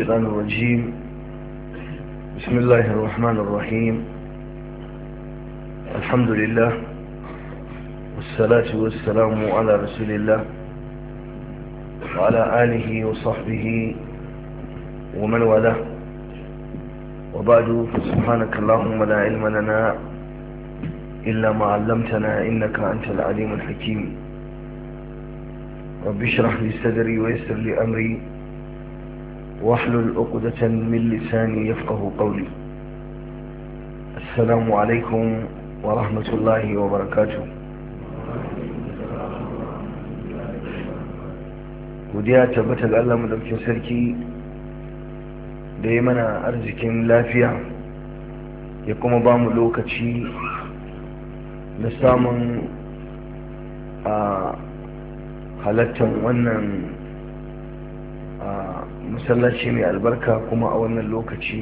الشيطان الرجيم بسم الله الرحمن الرحيم الحمد لله والصلاة والسلام على رسول الله وعلى آله وصحبه ومن والاه وبعد سبحانك اللهم لا علم لنا إلا ما علمتنا إنك أنت العليم الحكيم رب اشرح لي صدري ويسر لي أمري واحلل عقدة من لساني يفقه قولي السلام عليكم ورحمة الله وبركاته godiya tabbata ga Allah madaukin sarki da ya mana arzikin lafiya ya kuma ba mu lokaci na samun a halattar wannan masallaci mai albarka kuma a wannan lokaci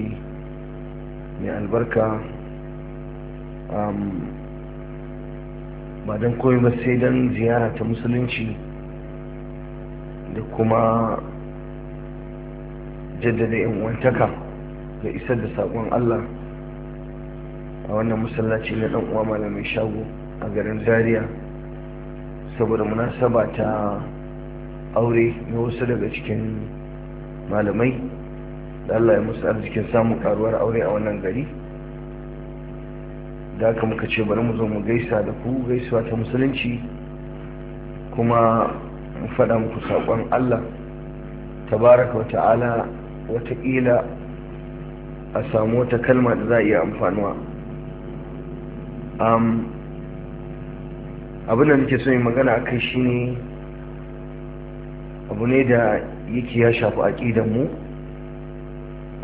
mai albarka um, ba don koyi ba sai don ziyara ta musulunci da kuma jaddada yan wantaka da isar da saƙon allah a wannan masallaci na ɗan uwa malamin shago a garin zaria saboda munasaba ta aure na wasu daga cikin malamai da Allah ya musu arzikin samun karuwar aure a wannan gari da aka muka ce bari mu zo mu gaisa da ku gaisuwa ta musulunci kuma mu faɗa muku saƙon Allah tabaraka wa ta'ala wataƙila a samu wata kalma da za a iya amfanuwa abin da nake so yi magana a kai shine abu ne da yake ya shafi aƙidanmu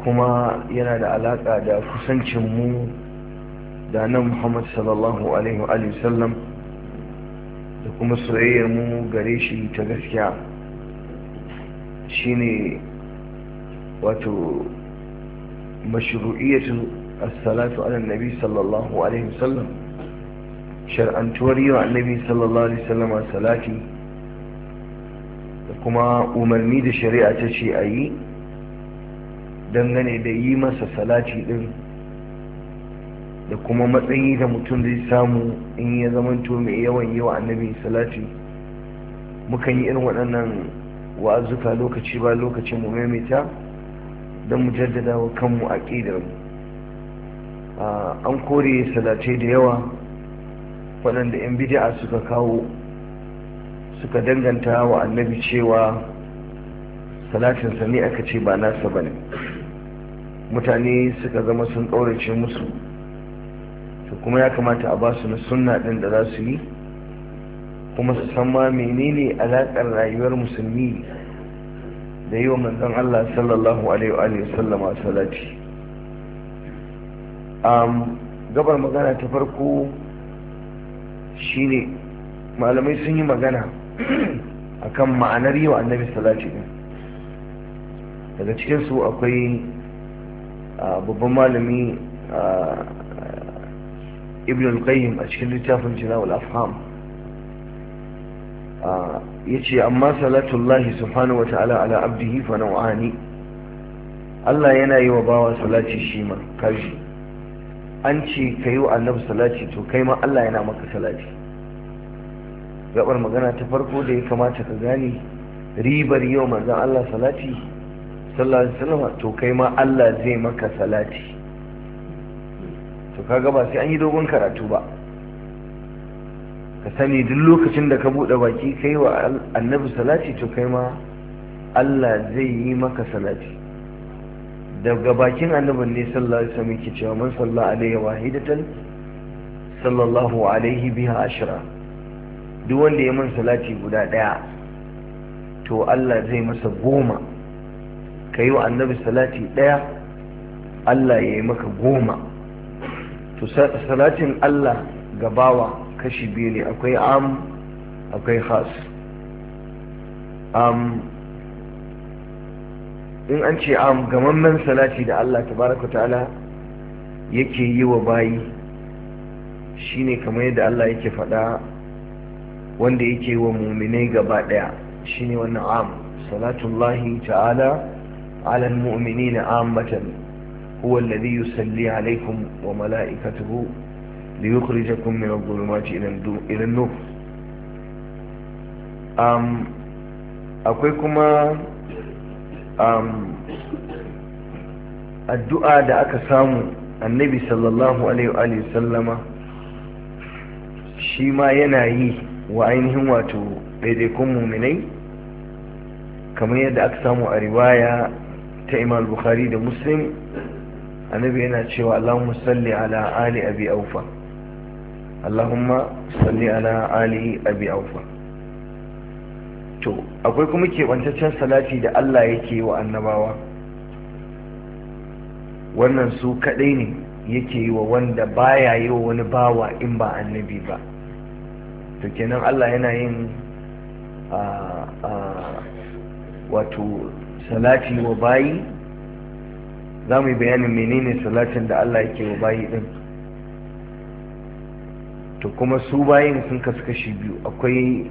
kuma yana da alaƙa da kusancinmu da nan muhammad sallallahu alaihi wa sallam da kuma soyayyarmu gare shi ta gaskiya shine wato mashru'iyyatu as-salatu ala nabi sallallahu alaihi wa sallam shar'antuwar yi wa annabi sallallahu alaihi wa sallam salati kuma umarni da shari'a ta ce a yi dangane da yi masa salati din da kuma matsayi da mutum zai samu in ya zamanto mai yawan yi wa annabi salati mukan yi irin waɗannan wa'azuka lokaci ba lokacin mu maimaita don mu jaddada wa kanmu a ah, an kore salatai da yawa waɗanda 'yan bidi'a suka kawo suka danganta wa annabi cewa salatinsa ne aka ce ba nasa ba ne mutane suka zama sun ɗaurace musu to kuma ya kamata a ba su na sunna ɗin da za su yi kuma su san ma menene alaƙar rayuwar musulmi da yi wa manzon Allah sallallahu alaihi wa sallama salati gabar magana ta farko shine malamai sun yi magana akan ma'anar yi wa annabi salati din daga cikin su akwai babban malami ibn al-qayyim a cikin littafin jinawul afham ya ce amma salatullahi subhanahu wa ta'ala ala abdihi fa nau'ani Allah yana yi wa bawa salati shi ma kashi an ce ka yi wa annabi salati to kai ma Allah yana maka salati gabar magana ta farko da ya kamata ka gane ribar yau manzon Allah salati sallallahu alaihi wasallam to kai ma Allah zai maka salati to kaga ba sai an yi dogon karatu ba ka sani duk lokacin da ka bude baki kai wa annabi salati to kai ma Allah zai yi maka salati daga bakin annabin ne sallallahu alaihi wasallam yake cewa man salla alaihi wahidatan sallallahu alaihi biha ashra duk wanda ya min salati guda ɗaya to Allah zai masa goma ka yi wa annabi salati ɗaya Allah ya yi maka goma to salatin Allah gabawa kashi biyu ne akwai am akwai khas am in an ce am gamammen salati da Allah tabaraka ta'ala yake yi wa bayi shine kamar yadda Allah yake faɗa wanda yake wa muminai gaba daya shine wannan am salatullahi ta'ala ala almu'minina ammatan huwa alladhi yusalli alaykum wa mala'ikatuhu liyukhrijakum min adh-dhulumati ila an-nur um akwai kuma um addu'a da aka samu annabi sallallahu alaihi wa sallama shi ma yana yi wa ainihin wato kun muminai kamar yadda aka samu a riwaya ta imam bukhari da muslim annabi yana cewa allahumma salli ala ali abi aufa allahumma salli ala ali abi aufa to akwai kuma keɓantaccen salati da allah yake wa annabawa wannan su kaɗai ne yake yi wa wanda baya yi wa wani bawa in ba annabi ba to kenan Allah yana yin wato salati wa bayi za mu yi bayanin menene salatin da Allah yake wa bayi din to kuma su bayin sun kasu kashi biyu akwai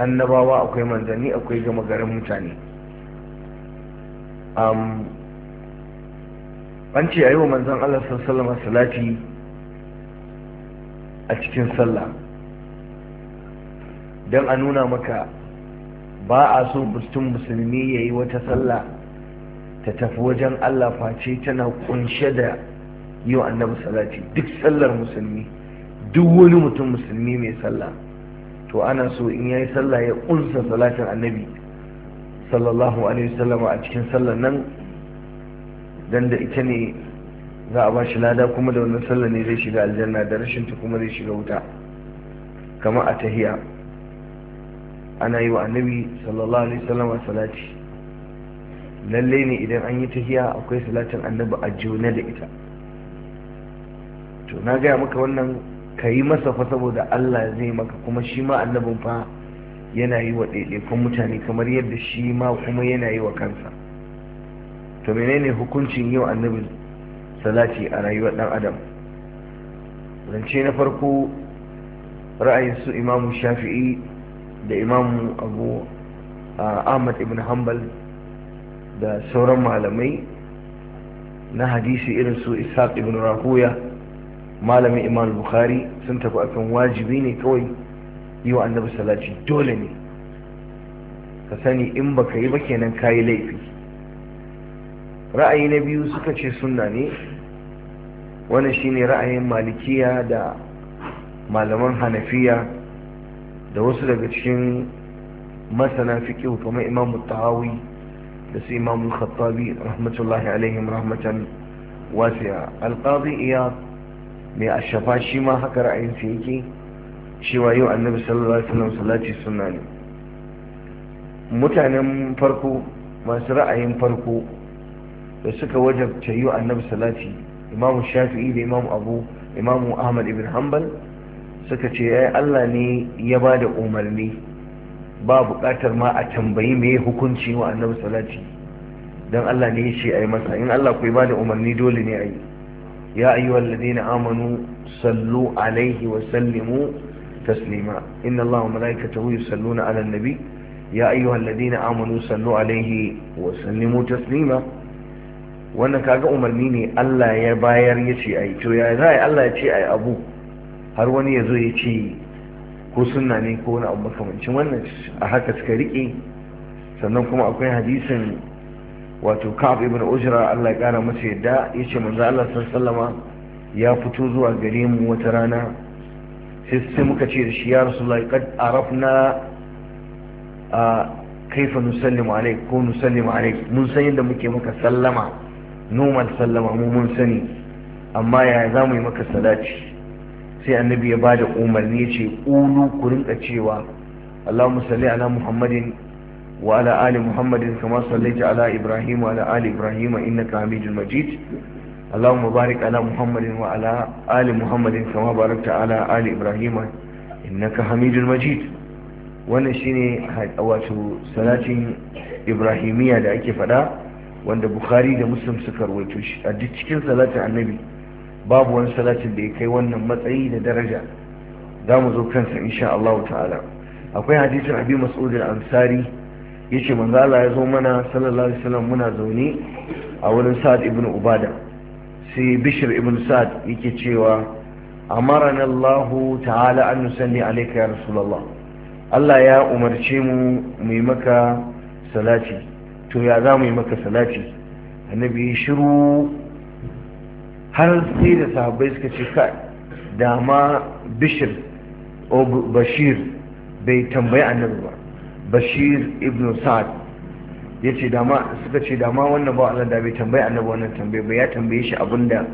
annabawa akwai manzanni akwai gama garin mutane an ce a yi wa manzan Allah sallama salati a cikin sallah don a nuna maka ba a so mutum musulmi ya yi wata sallah ta tafi wajen Allah face tana kunshe da yi wa annabi salati duk sallar musulmi duk wani mutum musulmi mai sallah to ana so in yayi sallah ya kunsa salatin annabi sallallahu alaihi wasallam a cikin sallar nan dan da ita ne za a bashi lada kuma da wannan sallar ne zai shiga aljanna da rashin ta kuma zai shiga wuta kamar a tahiya ana yi wa annabi sallallahu alaihi wasallam salati lalle ne idan an yi tahiya akwai salatin annabi a jona da ita to na gaya maka wannan ka yi masa fa saboda Allah zai maka kuma shi ma annabin fa yana yi wa ɗaiɗaikun mutane kamar yadda shi ma kuma yana yi wa kansa to menene hukuncin yau annabi salati a rayuwar dan adam zance na farko ra'ayin su imamu shafi'i da imam abu ahmad ibn hanbal da sauran malamai na hadisi irin su ishaq ibn rahuya malamin imam bukhari sun tafi akan wajibi ne kawai yi wa annabi salati dole ne ka sani in ba ka yi ba kenan ka yi laifi ra'ayi na biyu suka ce sunna ne wannan shine ra'ayin malikiya da malaman hanafiya da wasu daga cikin masana fiqh kamar imam tahawi da su imam khattabi rahmatullahi alaihim rahmatan wasi'a alqadi iyad mai ashafa shi ma haka ra'ayin sa yake cewa yau annabi sallallahu alaihi wasallam salati sunna ne mutanen farko masu ra'ayin farko da suka wajabta yau annabi salati imamu shafi'i da imamu abu imamu ahmad ibn hanbal suka ce ya Allah ne ya ba da umarni ba buƙatar ma a tambayi mai hukunci wa annabi salati don Allah ne ya ce a yi masa in Allah ku ba da umarni dole ne a yi ya ayyuhal ladina amanu sallu alaihi wa sallimu taslima inna Allah wa malaikatahu yusalluna ala nabi ya ayyuhal ladina amanu sallu alaihi wa sallimu taslima wannan kaga umarni ne Allah ya bayar ya ce a yi to ya za a yi Allah ya ce a yi abu har wani ya zo ya ce ko sunna ne ko wani abu makamancin wannan a haka suka riƙe sannan kuma akwai hadisin wato ka'ab ibn ujra Allah ya kara masa yadda yace manzo Allah sallama ya fito zuwa gare mu wata rana sai sai muka ce da shi ya rasulullahi qad arafna a kaifa nusallimu alaik ko nusallimu alaik mun san yadda muke maka sallama normal sallama mu mun sani amma yaya za mu yi maka salati sai annabi ya bada umarni ya ce ƙulu ku rinka cewa Allahumma salli ala Muhammadin wa ala ali Muhammadin kama sallaita ala Ibrahim wa ala ali Ibrahim innaka Hamidul Majid Allahumma barik ala Muhammadin wa ala ali Muhammadin kama barakta ala ali Ibrahim innaka Hamidul Majid wannan shine wato salatin Ibrahimiyya da ake faɗa wanda Bukhari da Muslim suka rawaito shi a cikin salatin Annabi babu wani salatin da ya kai wannan matsayi da daraja za mu zo kansa insha Allah ta'ala akwai hadisin abi mas'ud al-ansari yace manzo Allah ya zo mana sallallahu alaihi wasallam muna zaune a wurin Sa'ad ibn Ubada sai Bishr ibn Sa'ad yake cewa amarana Allah ta'ala an nusalli alayka ya rasulullah Allah ya umarce mu mu maka salati to ya za mu yi maka salati annabi shiru har sai da sahabbai suka ce kai dama bishir o bashir bai tambayi annabi ba bashir ibn sa'ad ya ce dama suka ce dama wannan ba Allah da bai tambayi annabi wannan tambayi ba ya tambaye shi abinda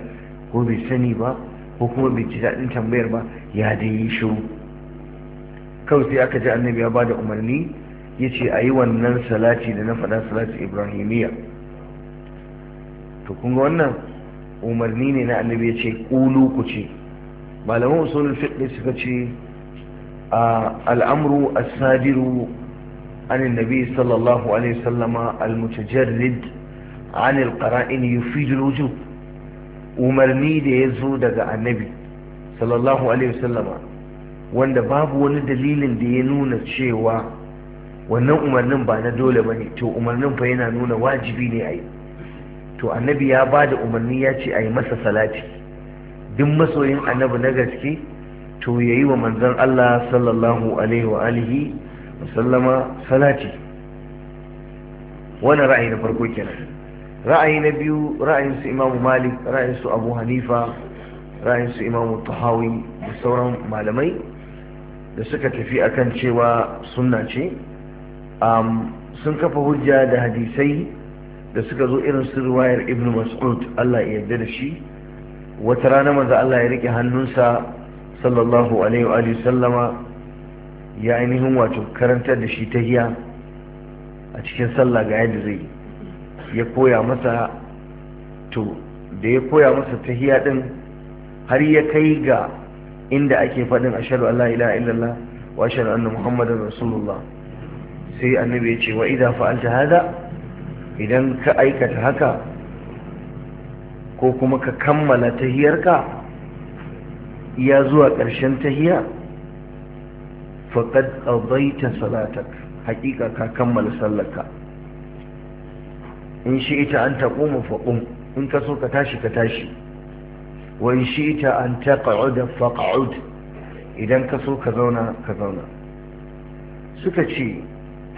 ko bai sani ba ko kuma bai ji daɗin tambayar ba ya dai yi shiru kawai sai aka ji annabi ya ba da umarni ya ce a yi wannan salati da na faɗa salati ibrahimiyya to kun ga wannan umarni ne na annabi ya ce ƙulu ku ce malaman usulul fiqh suka ce al'amru as-sadiru عن النبي صلى الله عليه وسلم المتجرد عن القرائن يفيد الوجوب umarni da ya zo daga annabi sallallahu alaihi sallama wanda babu wani dalilin da ya nuna cewa wannan umarnin ba na dole ba ne to umarnin fa yana nuna wajibi ne a yi to annabi ya ba da umarni ya ce a yi masa salati duk masoyin annabi na gaske to ya yi wa manzan Allah sallallahu alaihi wa alihi sallama salati Wani ra'ayi na farko kenan ra'ayi na biyu ra'ayin su imamu malik ra'ayin su abu hanifa ra'ayin su imamu tahawi da sauran malamai da suka tafi akan cewa sunna ce sun kafa hujja da hadisai da suka zo irin su ruwayar ibn mas'ud Allah ya yarda da shi wata rana manzo Allah ya rike hannunsa sallallahu alaihi wa alihi sallama ya ainihin wato karantar da shi ta hiya a cikin sallah ga yadda zai ya koya masa to da ya koya masa ta hiya din har ya kai ga inda ake faɗin ashhadu an la ilaha illallah wa ashhadu anna muhammadan rasulullah sai annabi ya ce wa idza fa'alta hada idan ka aikata haka ko kuma ka kammala tahiyarka ya zuwa ƙarshen tahiya faƙad ƙazaita salatak haƙiƙa ka kammala sallarka in shi ita an taƙo faƙon in ka so ka tashi ka tashi wa in shi ita an taƙa'uda faƙa'ud idan ka so ka zauna ka zauna suka ce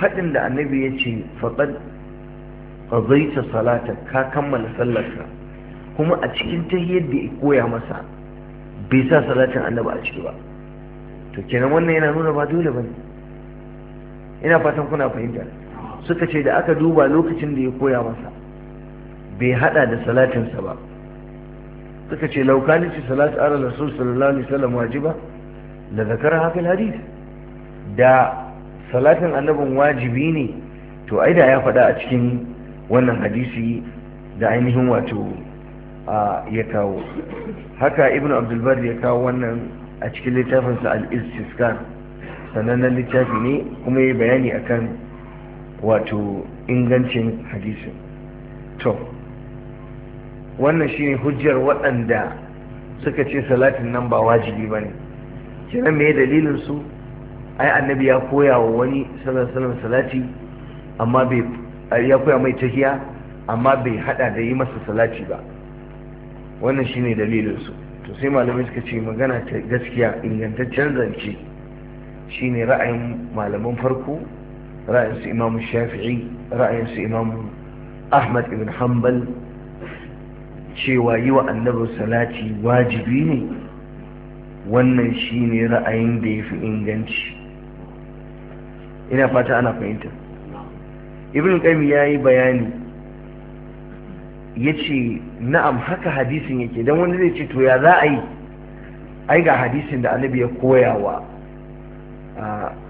faɗin da annabi ya ce faƙad qadaita salata ka kammala sallarsa kuma a cikin ta yadda ya koya masa bai sa salatin annaba a ciki ba to kenan wannan yana nuna ba dole bane ina fatan kuna fahimta suka ce da aka duba lokacin da ya koya masa bai hada da salatinsa ba suka ce laukani ce salatu ala rasul sallallahu alaihi wasallam wajiba la zakara hafil hadith da salatin annabin wajibi ne to aida ya faɗa a cikin wannan hadisi da ainihin wato ya kawo haka ibn abdulbar ya kawo wannan a cikin littafinsa al-istiskan Sannan littafi ne kuma ya bayani akan wato ingancin hadisin to wannan shine hujjar waɗanda suka ce salatin nan ba wajibi ba ne kenan me dalilin su ai annabi ya koya wa wani sallallahu salati amma bai ya koya mai tahiya amma bai hada da yi masa salati ba wannan shine dalilin su to sai malamai suka ce magana ta gaskiya ingantaccen zance shine ra'ayin malaman farko ra'ayin su imamu shafi'i ra'ayin su imamu ahmad ibn hanbal cewa yi wa annabi salati wajibi ne wannan shine ra'ayin da ya fi inganci ina fata ana fahimta ibn qayyim yayi bayani yace na'am haka hadisin yake dan wani zai ce to ya za a yi ai ga hadisin da annabi ya koyawa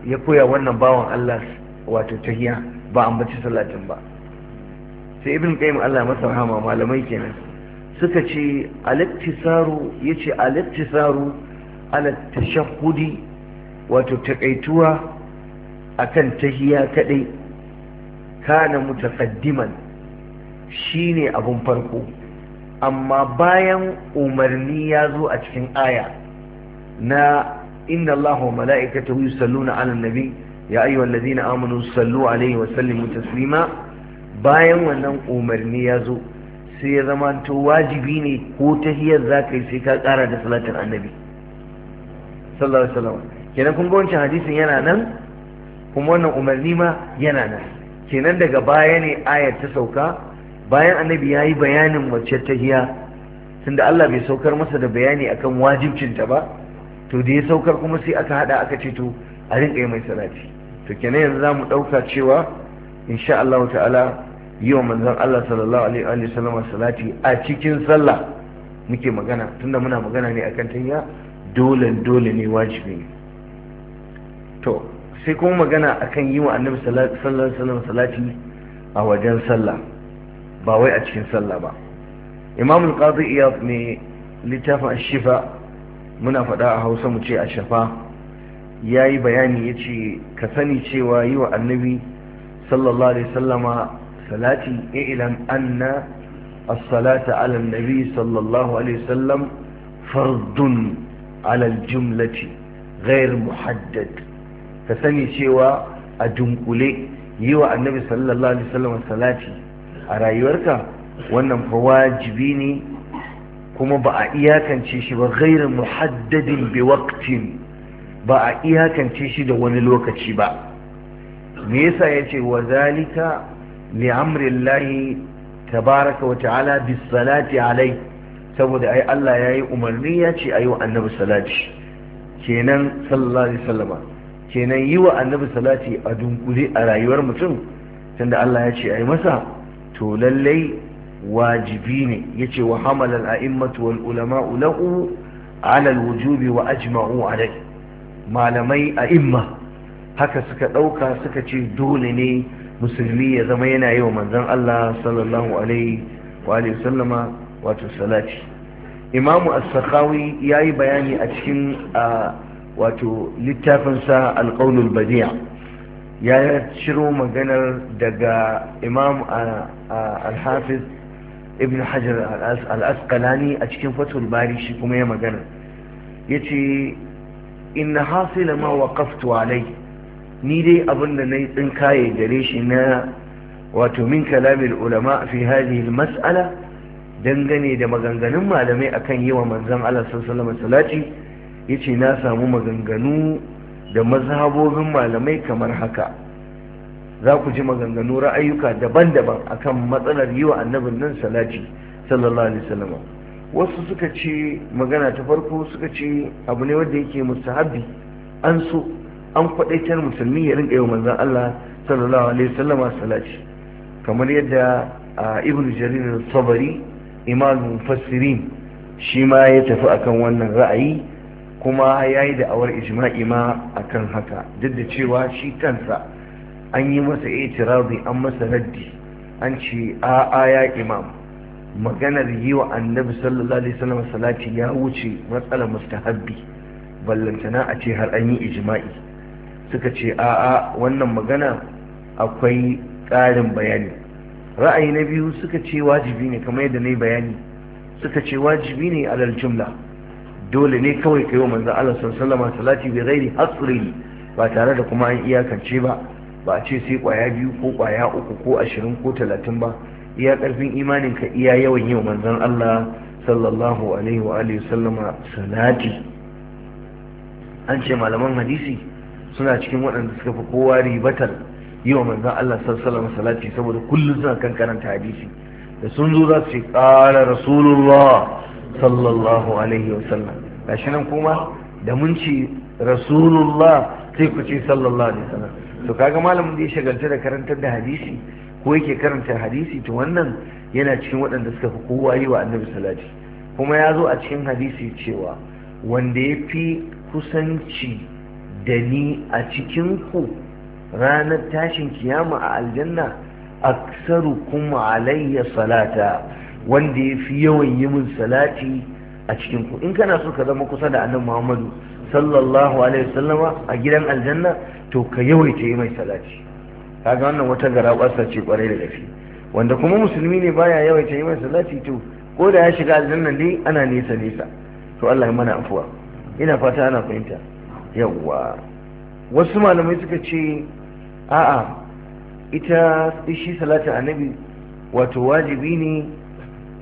ya koya wannan bawan Allah wato tahiya ba an bace salatin ba sai ibn qayyim Allah masa rahama malamai kenan suka ce al-iktisaru yace al-iktisaru ala tashahhudi wato takaituwa akan tahiya kadai kana mutaqaddiman shine abun farko amma bayan umarni ya zo a cikin aya na inna Allahu wa mala'ikatahu yusalluna 'alan nabi ya ayyuhal ladina amanu sallu alaihi wa sallimu taslima bayan wannan umarni ya zo sai ya zama to wajibi ne ko tahiyar za ka yi sai ka kara da salatin annabi sallallahu alaihi wasallam kenan kun ga wancan hadisin yana nan kuma wannan umarni ma yana nan kenan daga baya ne ayar ta sauka bayan annabi ya yi bayanin mace ta hiya tunda Allah bai saukar masa da bayani akan wajibcinta ba to da ya saukar kuma sai aka hada aka ce to a rinka yi mai salati to kenan yanzu za mu ɗauka cewa insha Allah ta'ala yi wa manzon Allah sallallahu alaihi wa sallam salati a cikin sallah muke magana tunda muna magana ne akan tayya dole dole ne wajibi to sai kuma magana a kan yi wa annabi sallallahu alaihi salati a wajen sallah ba wai a cikin sallah ba imam al-qadi iyad mai littafin shifa muna faɗa a hausa mu ce a shafa ya yi bayani ya ce ka sani cewa yi wa annabi sallallahu alaihi sallama salati ilan anna as-salata ala nabi sallallahu alaihi sallam fardun ala al-jumlati غير محدد ka sani cewa a dunkule yi wa annabi sallallahu alaihi wasallam salati a rayuwarka wannan fa wajibi ne kuma ba a iyakance shi ba ghairu muhaddadin bi waqtin ba a iyakance shi da wani lokaci ba me yasa yace wa zalika li amrillahi tabaraka wa ta'ala bis salati alai saboda ai Allah yayi umarni yace ayi wa annabi salati kenan sallallahu alaihi wasallam kenan yi wa annabi salati a dunkule a rayuwar mutum tunda Allah ya ce yi masa to lallai wajibi ne yace wa hamala al-a'immatu wal ulama'u lahu ala wujubi wa ajma'u alayhi malamai a'imma haka suka ɗauka suka ce dole ne musulmi ya zama yana yi wa manzon Allah sallallahu alaihi wa alihi sallama wato salati imamu as-sakhawi yayi bayani a cikin wato littafinsa alƙaunul badiya ya ciro maganar daga imam hafiz ibn hajar Al-Asqalani a cikin fatul bari shi kuma ya magana ya ce inna hasila ma waqaftu alai ni dai abinda na yi tsinkaye gare shi na wato min kalamin ulama fi hadhihi mas'ala dangane da maganganun malamai akan yi wa manzon Allah sallallahu alaihi wasallam salati ya ce na samu maganganu da mazhabobin malamai kamar haka za ku ji maganganu ra'ayuka daban-daban akan matsalar yi wa annabin nan salati sallallahu alaihi wasallam wasu suka ce magana ta farko suka ce abu ne wanda yake mustahabi an so an kwadaitar musulmi ya rinka wa manzon Allah sallallahu alaihi wasallam salati kamar yadda ibnu jarir sabari imamul mufassirin shi ma ya tafi akan wannan ra'ayi kuma ya yi da'awar ijma'i ma a kan haka duk da cewa shi kansa an yi masa itirazi an masa raddi an ce a'a ya imam maganar yi wa annabi sallallahu alaihi wasallam salati ya wuce matsalar mustahabbi ballantana a ce har an yi ijma'i suka ce a'a wannan magana akwai ƙarin bayani ra'ayi na biyu suka ce wajibi ne kamar yadda na yi bayani suka ce wajibi ne alal jumla dole ne kawai kai wa manzon Allah sallallahu alaihi salati bi ghairi hasri ba tare da kuma an iyakance ba ba a ce sai kwaya biyu ko kwaya uku ko ashirin ko talatin ba iya karfin imanin ka iya yawan yi wa manzan Allah sallallahu alaihi wa alihi sallama salati an ce malaman hadisi suna cikin waɗanda suka fi kowa ribatar yi wa manzan Allah sallallahu alaihi salati saboda kullum suna kan karanta hadisi da sun zo za su ce ƙara rasulullah sallallahu alaihi wa gashi nan kuma da mun ce rasulullah sai ku ce sallallahu alaihi wasallam to kaga malamin da ya shagalta da karantar da hadisi ko yake karanta hadisi to wannan yana cikin waɗanda suka fi kowa yi wa annabi salati kuma ya zo a cikin hadisi cewa wanda ya fi kusanci da ni a cikin ku ranar tashin kiyama a aljanna aksaru kuma alayya salata wanda ya fi yawan yi min salati a cikin ku in kana so ka zama kusa da annabi Muhammadu sallallahu alaihi wasallama a gidan aljanna to ka yawaita yi mai salati kaga wannan wata garabarsa ce kwarai da gaske wanda kuma musulmi ne baya yawaita yi mai salati to ko da ya shiga aljanna ne ana nesa nesa to Allah ya mana afuwa ina fata ana fahimta yawwa wasu malamai suka ce a'a ita shi salatin annabi wato wajibi ne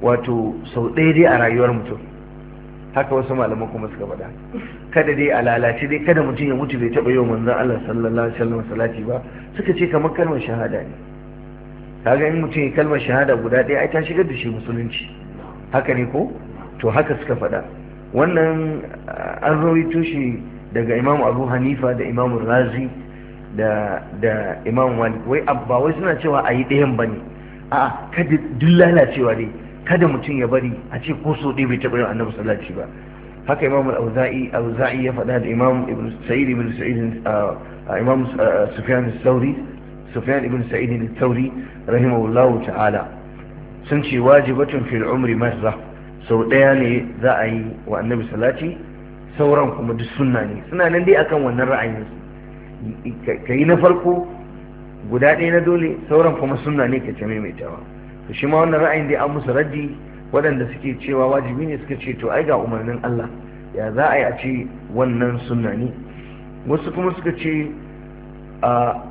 wato sau ɗaya dai a rayuwar mutum haka wasu malaman kuma suka faɗa kada dai a lalace dai kada mutum ya mutu bai taɓa yau manzan Allah sallallahu alaihi wasallam salati ba suka ce kamar kalmar shahada ne kaga in mutum ya kalmar shahada guda ɗaya ai ta shigar da shi musulunci haka ne ko to haka suka faɗa wannan an rawaito shi daga imamu abu hanifa da imamu razi da da imamu wani wai abba wai suna cewa a yi ɗayan ba ne, a'a kada duk lalacewa dai kada mutum ya bari a ce ko so ɗaya bai taɓa yin annabi sallaci ba haka imam al-auza'i auza'i ya faɗa da imam ibn sa'id ibn sa'id imam sufyan al sauri sufyan ibn sa'id al sauri rahimahullahu ta'ala sun ce wajibatun fil umri marra sau ɗaya ne za a yi wa annabi salati sauran kuma duk sunna ne suna nan dai akan wannan ra'ayin ka yi na farko guda ɗaya na dole sauran kuma sunna ne ka ce maimaitawa to shi ma wannan ra'ayin da an musu raddi waɗanda suke cewa wajibi ne suka ce to ai ga umarnin Allah ya za a yi a ce wannan sunna ne wasu kuma suka ce a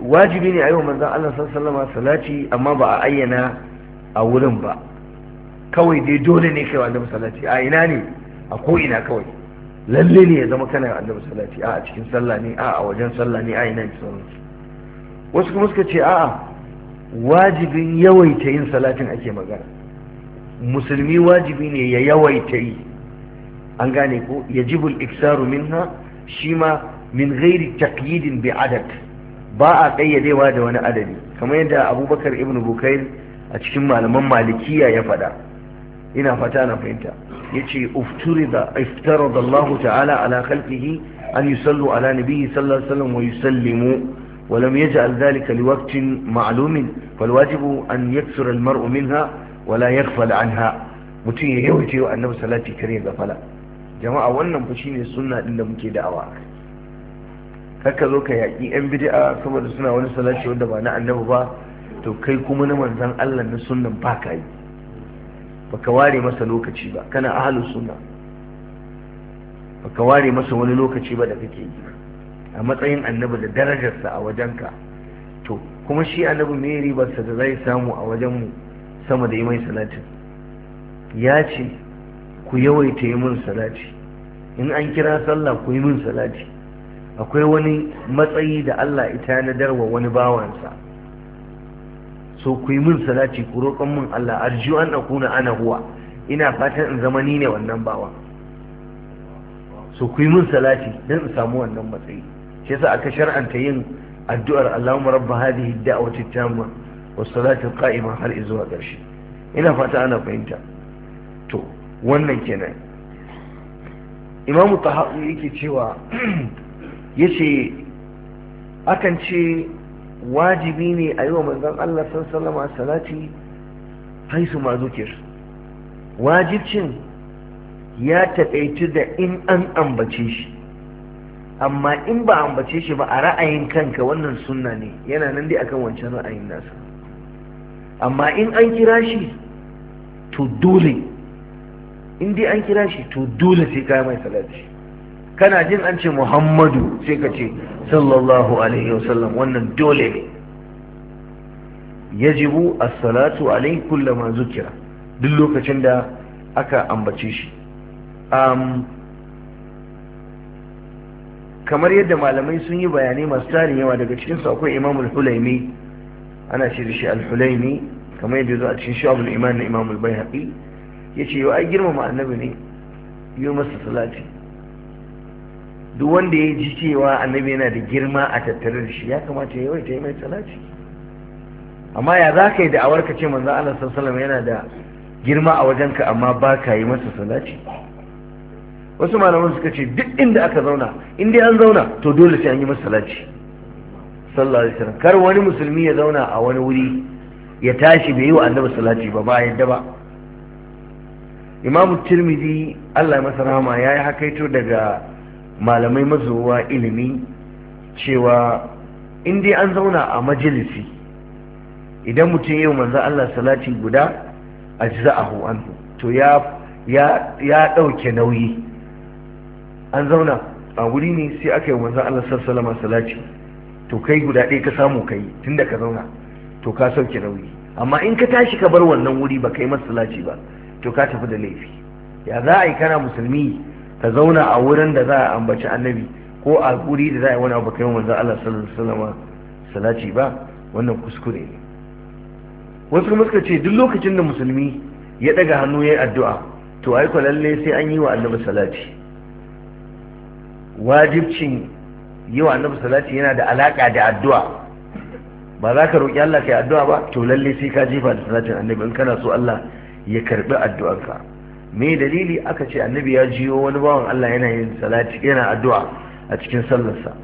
wajibi ne a yi wa manzan Allah sallama salati amma ba a ayyana a wurin ba kawai dai dole ne kai wa annabi salati a ina ne a ko ina kawai lalle ne ya zama kana wa annabi salati a cikin sallah ne a a wajen sallah ne a ina ne sauransu wasu kuma suka ce a'a wajibin yawaita yin salatin ake magana musulmi wajibi ne ya yawaita yi an gane ko yajibul iksaru minha shi ma min gairi takyidin bi adad ba a kayyadewa da wani adadi kamar yadda abubakar ibn bukair a cikin malaman malikiya ya faɗa ina fata na fahimta yace ufturida ta'ala ala khalqihi an yusallu ala sallallahu alaihi wa yusallimu ولم يجعل ذلك لوقت معلوم فالواجب أن يكثر المرء منها ولا يغفل عنها mutum ya yawace wa annabi salati kare gafala jama'a wannan fa ne sunna din da muke da'awa kaka zo ka yaki yan bida'a saboda suna wani salati wanda ba na annabi ba to kai kuma na manzon Allah na sunnan ba ka baka ware masa lokaci ba kana ahlus sunna baka ware masa wani lokaci ba da kake yi a matsayin annabi da darajarsa a wajenka to kuma shi annabi mai ribarsa da zai samu a wajenmu sama da yi mai salatin ya ce ku yawaita yi min salati in an kira sallah ku yi min salati akwai wani matsayi da Allah ita na darwa wani bawansa so ku yi min salati ku roƙon min Allah arju an akuna ana huwa ina fatan in zama ni ne wannan bawan so ku yi min salati don in samu wannan matsayi shi yasa aka shar'anta yin addu'ar Allahumma rabb hadhihi ad-da'wati at-tamma was-salati al-qa'ima har zuwa ƙarshe ina fata ana fahimta to wannan kenan Imam Tahawi yake cewa yace akan ce wajibi ne a yi wa manzon Allah sallallahu alaihi salati haisu ma zukir wajibcin ya taƙaitu da in an ambace shi amma in ba ambace shi ba a ra'ayin kanka wannan sunna ne yana nan dai akan wancan ra'ayin nasa amma in an kira shi to dole in dai an kira shi to dole sai ka mai salati kana jin an ce muhammadu sai ka ce sallallahu alaihi wasallam wannan dole ne yajibu as-salatu alaihi kullama zukira duk lokacin da aka ambace shi um, kamar yadda malamai sun yi bayanai masu tarin yawa daga cikin su akwai Imam al-Hulaimi ana shi da shi al-Hulaimi kamar yadda zo a cikin Shu'abul Iman na Imam al-Baihaqi yace yau ai girmama annabi ne yi masa salati duk wanda ya ji cewa annabi yana da girma a tattare da shi ya kamata ya yi mai salati amma ya za ka yi da'awar ka ce manzo Allah sallallahu alaihi yana da girma a wajenka amma ba ka yi masa salati wasu malaman suka ce duk inda aka zauna in dai an zauna to dole sai an yi masallaci sallallahu alaihi wasallam kar wani musulmi ya zauna a wani wuri ya tashi bai yi wa annabi salati ba ba yadda ba imamu tirmidhi Allah ya masa rahama yayi hakaito daga malamai mazuwa ilimi cewa in dai an zauna a majalisi idan mutum yau manzo Allah salati guda ajza'ahu anhu to ya ya ya dauke nauyi an zauna a wuri ne sai aka yi wanzan Allah sallallahu alaihi salati to kai guda ɗaya ka samu kai tunda ka zauna to ka sauke nauyi amma in ka tashi ka bar wannan wuri ba kai salati ba to ka tafi da laifi ya za a yi kana musulmi ka zauna a wurin da za a ambaci annabi ko a wuri da za a yi wani abu kai wanzan Allah sallallahu alaihi salati ba wannan kuskure ne wasu kuma suka ce duk lokacin da musulmi ya daga hannu ya yi addu'a to ai lalle sai an yi wa annabi salati wajibcin yi wa annabi salati yana da alaka da addu'a ba za ka roƙi Allah kai addu'a ba to lalle sai ka jefa da salatin annabi in kana so Allah ya karbi addu'anka. me dalili aka ce annabi ya jiyo wani bawan Allah yana yin salati yana addu'a a cikin sallarsa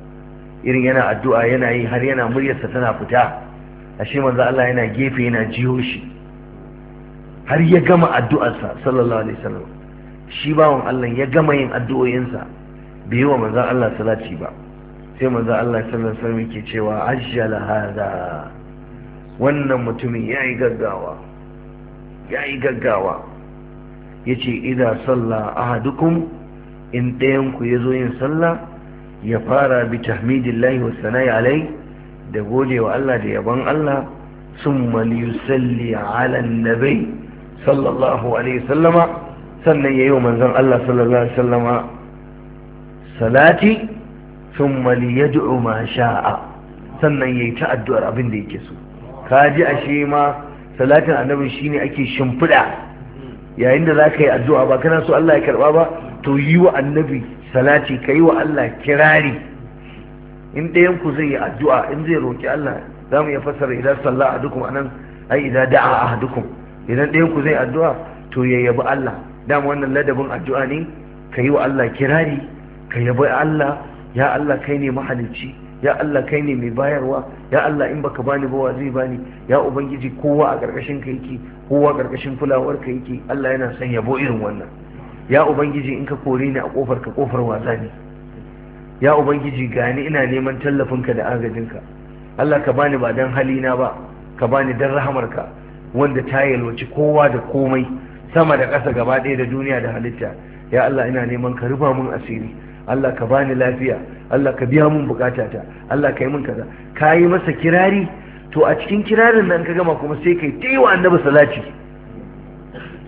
irin yana addu'a yana yi har yana muryarsa tana fita ashe manzo Allah yana gefe yana jiyo shi har ya gama addu'arsa sallallahu alaihi wasallam shi bawan Allah ya gama yin addu'oyinsa. bai yi wa manzan Allah salati ba sai manzan Allah sallallahu alaihi ke cewa ajjala hada wannan mutumin ya yi gaggawa ya yi gaggawa yace idan salla ahadukum in ɗayan ku yazo yin sallah ya fara bi tahmidillahi wa sana'i alai da gode wa Allah da yabon Allah sun summa liyusalli ala annabi sallallahu alaihi sallama sannan yayi wa manzan Allah sallallahu alaihi sallama. salati thumma liyad'u ma sha'a sannan yayi ta addu'ar abin da yake so kaji ashe ma salatin annabi shine ake shimfida yayin da zaka yi addu'a ba kana so Allah ya karba ba to yi wa annabi salati yi wa Allah kirari in ɗayan ku zai yi addu'a in zai roki Allah za mu iya fassara idan sallah dukkan anan ai idan da'a dukkan. idan ɗayan ku zai addu'a to ya yabi Allah dama wannan ladabin addu'a ne ka yi wa Allah kirari ka yabi Allah ya Allah kai ne mahalicci ya Allah kai ne mai bayarwa ya Allah in baka bani ba zai bani ya ubangiji kowa a karkashin ka yake kowa karkashin kulawar ka yake Allah yana son yabo irin wannan ya ubangiji in ka kore ni a kofar ka kofar wasa ne ya ubangiji gani ina neman tallafin ka da agajin ka Allah ka bani ba dan hali na ba ka bani dan rahamar ka wanda ta yalwaci kowa da komai sama da ƙasa gaba ɗaya da duniya da halitta ya Allah ina neman ka rufa mun asiri Allah ka bani lafiya Allah ka biya mun ta. Allah ka yi mun kaza ka yi masa kirari to a cikin kirarin nan ka gama kuma sai kai ta yi wa annabi salati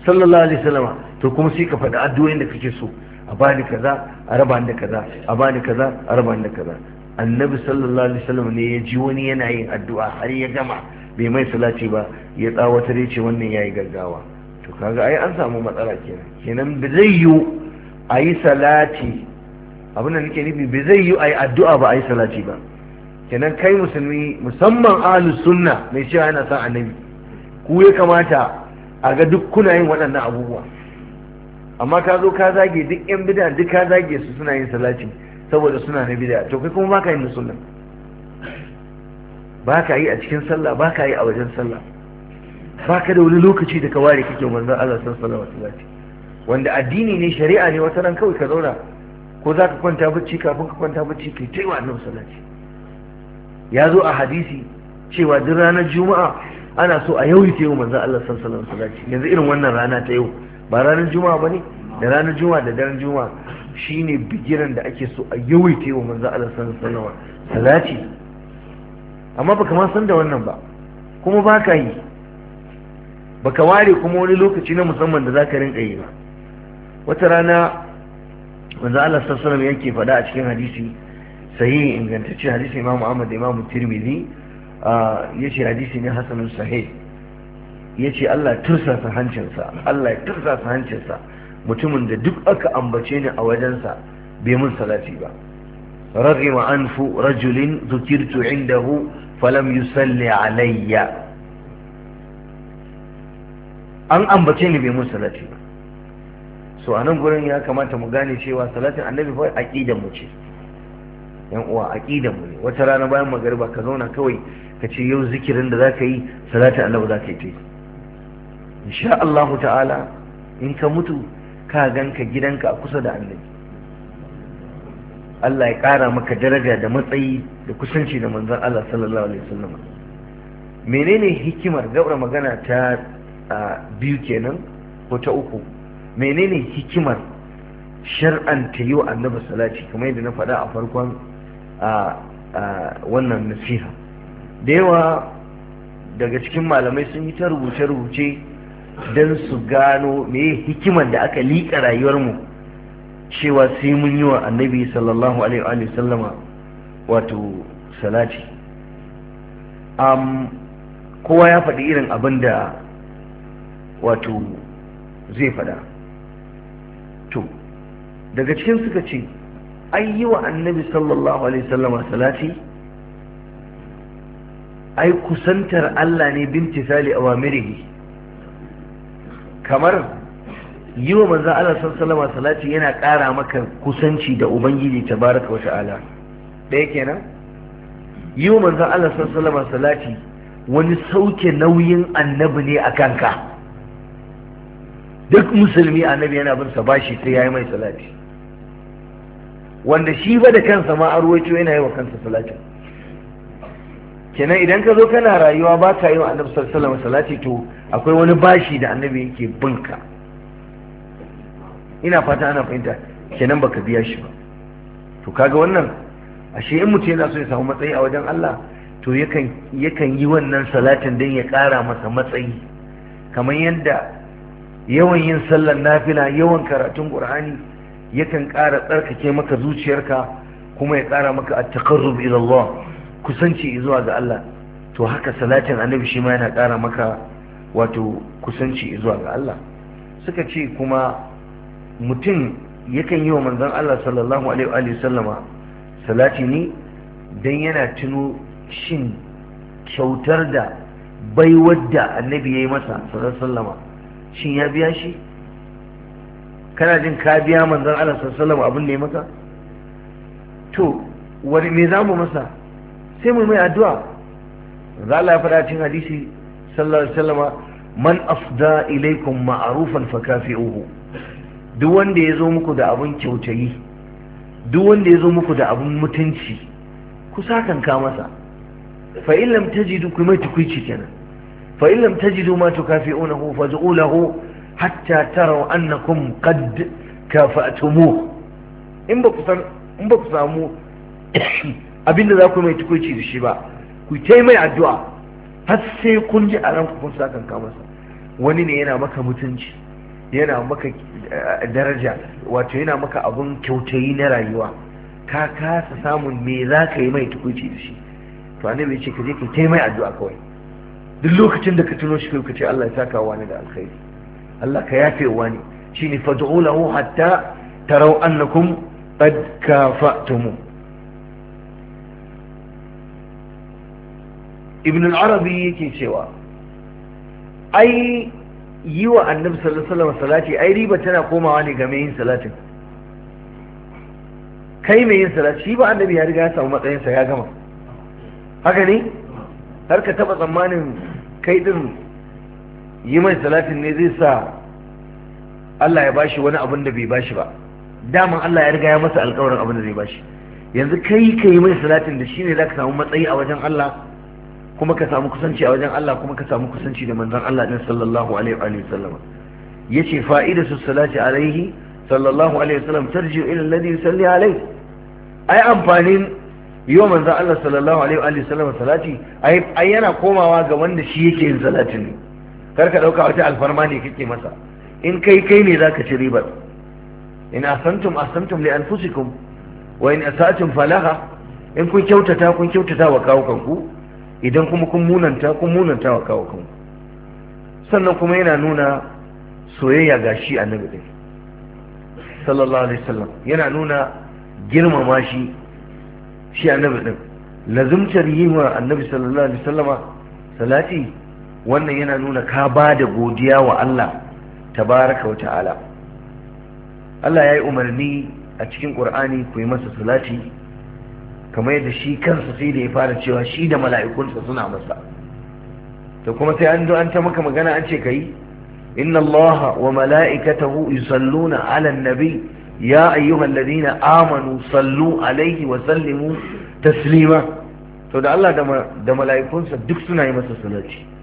sallallahu alaihi wasallama to kuma sai ka faɗi addu'o'in da kake so a bani kaza a raba da kaza a bani kaza a raba da kaza annabi sallallahu alaihi wasallam ne ya ji wani yana yin addu'a har ya gama bai mai salati ba ya tsawatar ya ce wannan yayi gaggawa to kaga ai an samu matsala kenan kenan ba zai yiwu a yi salati abin da nake nufi bai zai yi ayi addu'a ba yi salati ba kenan kai musulmi musamman ahlus sunna mai cewa yana son annabi ku ya kamata a ga duk kuna yin waɗannan abubuwa amma ka zo ka zage duk yan bid'a duk ka zage su suna yin salati saboda suna na bid'a to kai kuma baka yin sunna baka yi a cikin sallah baka yi a wajen sallah baka da wani lokaci da ka ware kake manzon Allah sallallahu alaihi wasallam wanda addini ne shari'a ne wata ran kawai ka zauna ko za ka kwanta bacci kafin ka kwanta bacci kai ta yi wa annabi salati ya zo a hadisi cewa duk ranar juma'a ana so a yau ta yau manzo Allah sallallahu alaihi wasallam yanzu irin wannan rana ta yau ba ranar juma'a bane da ranar juma'a da daren juma'a shine bigiran da ake so a yawaita yau manzo Allah sallallahu alaihi wasallam salati amma baka ma san da wannan ba kuma baka yi baka ware kuma wani lokaci na musamman da zaka rinka yi ba wata rana manzo Allah sallallahu alaihi yake faɗa a cikin hadisi sahihi ingantacce hadisi Imam Ahmad da Imam Tirmidhi yace hadisi ne hasanun sahih yace Allah tursasa hancinsa Allah tursasa hancinsa mutumin da duk aka ambace ni a wajensa bai mun salati ba ragima anfu rajulin zukirtu indahu falam yusalli alayya an ambace ni bai mun salati ba so a nan gurin ya kamata mu gane cewa salatin annabi fa aqidan mu ce yan uwa aqidan mu ne wata rana bayan magariba ka zauna kawai ka ce yau zikirin da zaka yi salatin annabi zaka yi yi insha Allah ta'ala in ka mutu ka ganka gidanka a kusa da annabi Allah ya ƙara maka daraja da matsayi da kusanci da manzon Allah sallallahu alaihi wasallam menene hikimar gaura magana ta biyu kenan ko ta uku menene hikimar shar'anta yi wa annabi salati kamar yadda na faɗa a farkon wannan nasiha da yawa daga cikin malamai sun yi ta rubuce-rubuce don su gano me hikimar da aka liƙa rayuwarmu cewa sai mun yi wa annabi sallallahu alaihi wa sallama wato salati kowa ya faɗi irin abin da wato zai faɗa daga cikin suka ce an yi wa annabi sallallahu alaihi sallama salati ai kusantar Allah ne tisali awamirihi kamar yi wa manzan Allah sallallahu salati yana ƙara maka kusanci da ubangiji ta baraka wa ta'ala ɗaya kenan yi wa manzan Allah sallallahu salati wani sauke nauyin annabi ne a kanka duk musulmi annabi yana bin sa bashi sai yayi mai salati wanda shi ba da kansa ma an yana yi wa kansa salati kenan idan ka zo kana rayuwa ba ka yi wa annabi sallallahu alaihi salati to akwai wani bashi da annabi yake binka ina fata ana fahimta kenan baka biya shi ba to kaga wannan ashe in mutum yana so ya samu matsayi a wajen Allah to yakan yi wannan salatin don ya kara masa matsayi kamar yadda yawan yin sallar nafila yawan karatun ƙur'ani yakan ƙara tsarkake maka zuciyarka kuma ya ƙara maka a takarrub ilallah kusanci zuwa ga Allah to haka salatin annabi shi ma yana ƙara maka wato kusanci zuwa ga Allah suka ce kuma mutum yakan yi wa manzon Allah sallallahu alaihi sallama salati ne dan yana tuno shin kyautar da baiwar da annabi ya yi masa sallallahu alaihi sallama shin ya biya shi kana jin ka biya manzon Allah sallallahu abin da ya maka to wani me za mu masa sai mu mai addu'a za Allah ya faɗa cikin hadisi sallallahu alaihi wasallama man afda ilaikum ma'rufan fakafi'uhu duk wanda ya zo muku da abin kyautayi duk wanda ya zo muku da abin mutunci ku ka masa fa in lam tajidu ku mai tukuici kenan fa in lam tajidu ma tukafi'unahu fad'u lahu hatta tarau annakum qad kafatumu in ba ku san in ba ku samu abinda za ku mai da shi ba ku tai mai addu'a har kun ji a ranku kun sakan ka masa wani ne yana maka mutunci yana maka eh, daraja wato yana maka abun kyautai na rayuwa ka kasa samun me za ka yi mai tukuici da shi to annabi ce ka je ka tai mai addu'a kawai duk lokacin da ka tuno shi kai ka ce Allah ya saka wani da alkhairi Allah ka yafe wani shine fad'u lahu hatta taraw annakum qad kafa'tum ibn al-arabi yake cewa ai yi wa annabi sallallahu alaihi wasallam salati ai riba tana komawa ne game yin salatin kai mai yin salati shi ba annabi ya riga ya samu matsayinsa ya gama haka ne har ka taba tsammanin kai din yi mai salatin ne zai sa Allah ya bashi wani abin da bai bashi ba daman Allah ya riga ya masa alkawarin abin da zai bashi yanzu kai ka yi mai salatin da shine za ka samu matsayi a wajen Allah kuma ka samu kusanci a wajen Allah kuma ka samu kusanci da manzon Allah din sallallahu alaihi wa sallam yace fa'idatu salati alaihi sallallahu alaihi wa sallam tarji'u ila alladhi yusalli alaihi ai amfanin yiwa manzon Allah sallallahu alaihi wa sallam salati ai yana komawa ga wanda shi yake yin salatin ne kar ka ɗauka wata alfarma ne kake masa in kai kai ne zaka ci ribar in asantum asantum li anfusikum wa in asatum falaha in kun kyautata kun kyautata wa kawo kanku idan kuma kun munanta kun munanta wa kawo kanku sannan kuma yana nuna soyayya ga shi annabi din sallallahu alaihi wasallam yana nuna girmama shi shi annabi din lazumtar yi wa annabi sallallahu alaihi wasallama salati wannan yana nuna ka ba da godiya wa Allah tabaraka wa ta'ala Allah ya yi umarni a cikin ƙur'ani ku yi masa salati kamar yadda shi kansa sai da ya fara cewa shi da mala'ikunsa suna masa to kuma sai an an ta maka magana an ce ka yi inna allaha wa mala'ikatahu yusalluna ala nabi ya ayyuhal ladina amanu sallu alaihi wa sallimu taslima to da Allah da mala'ikunsa duk suna yi masa salati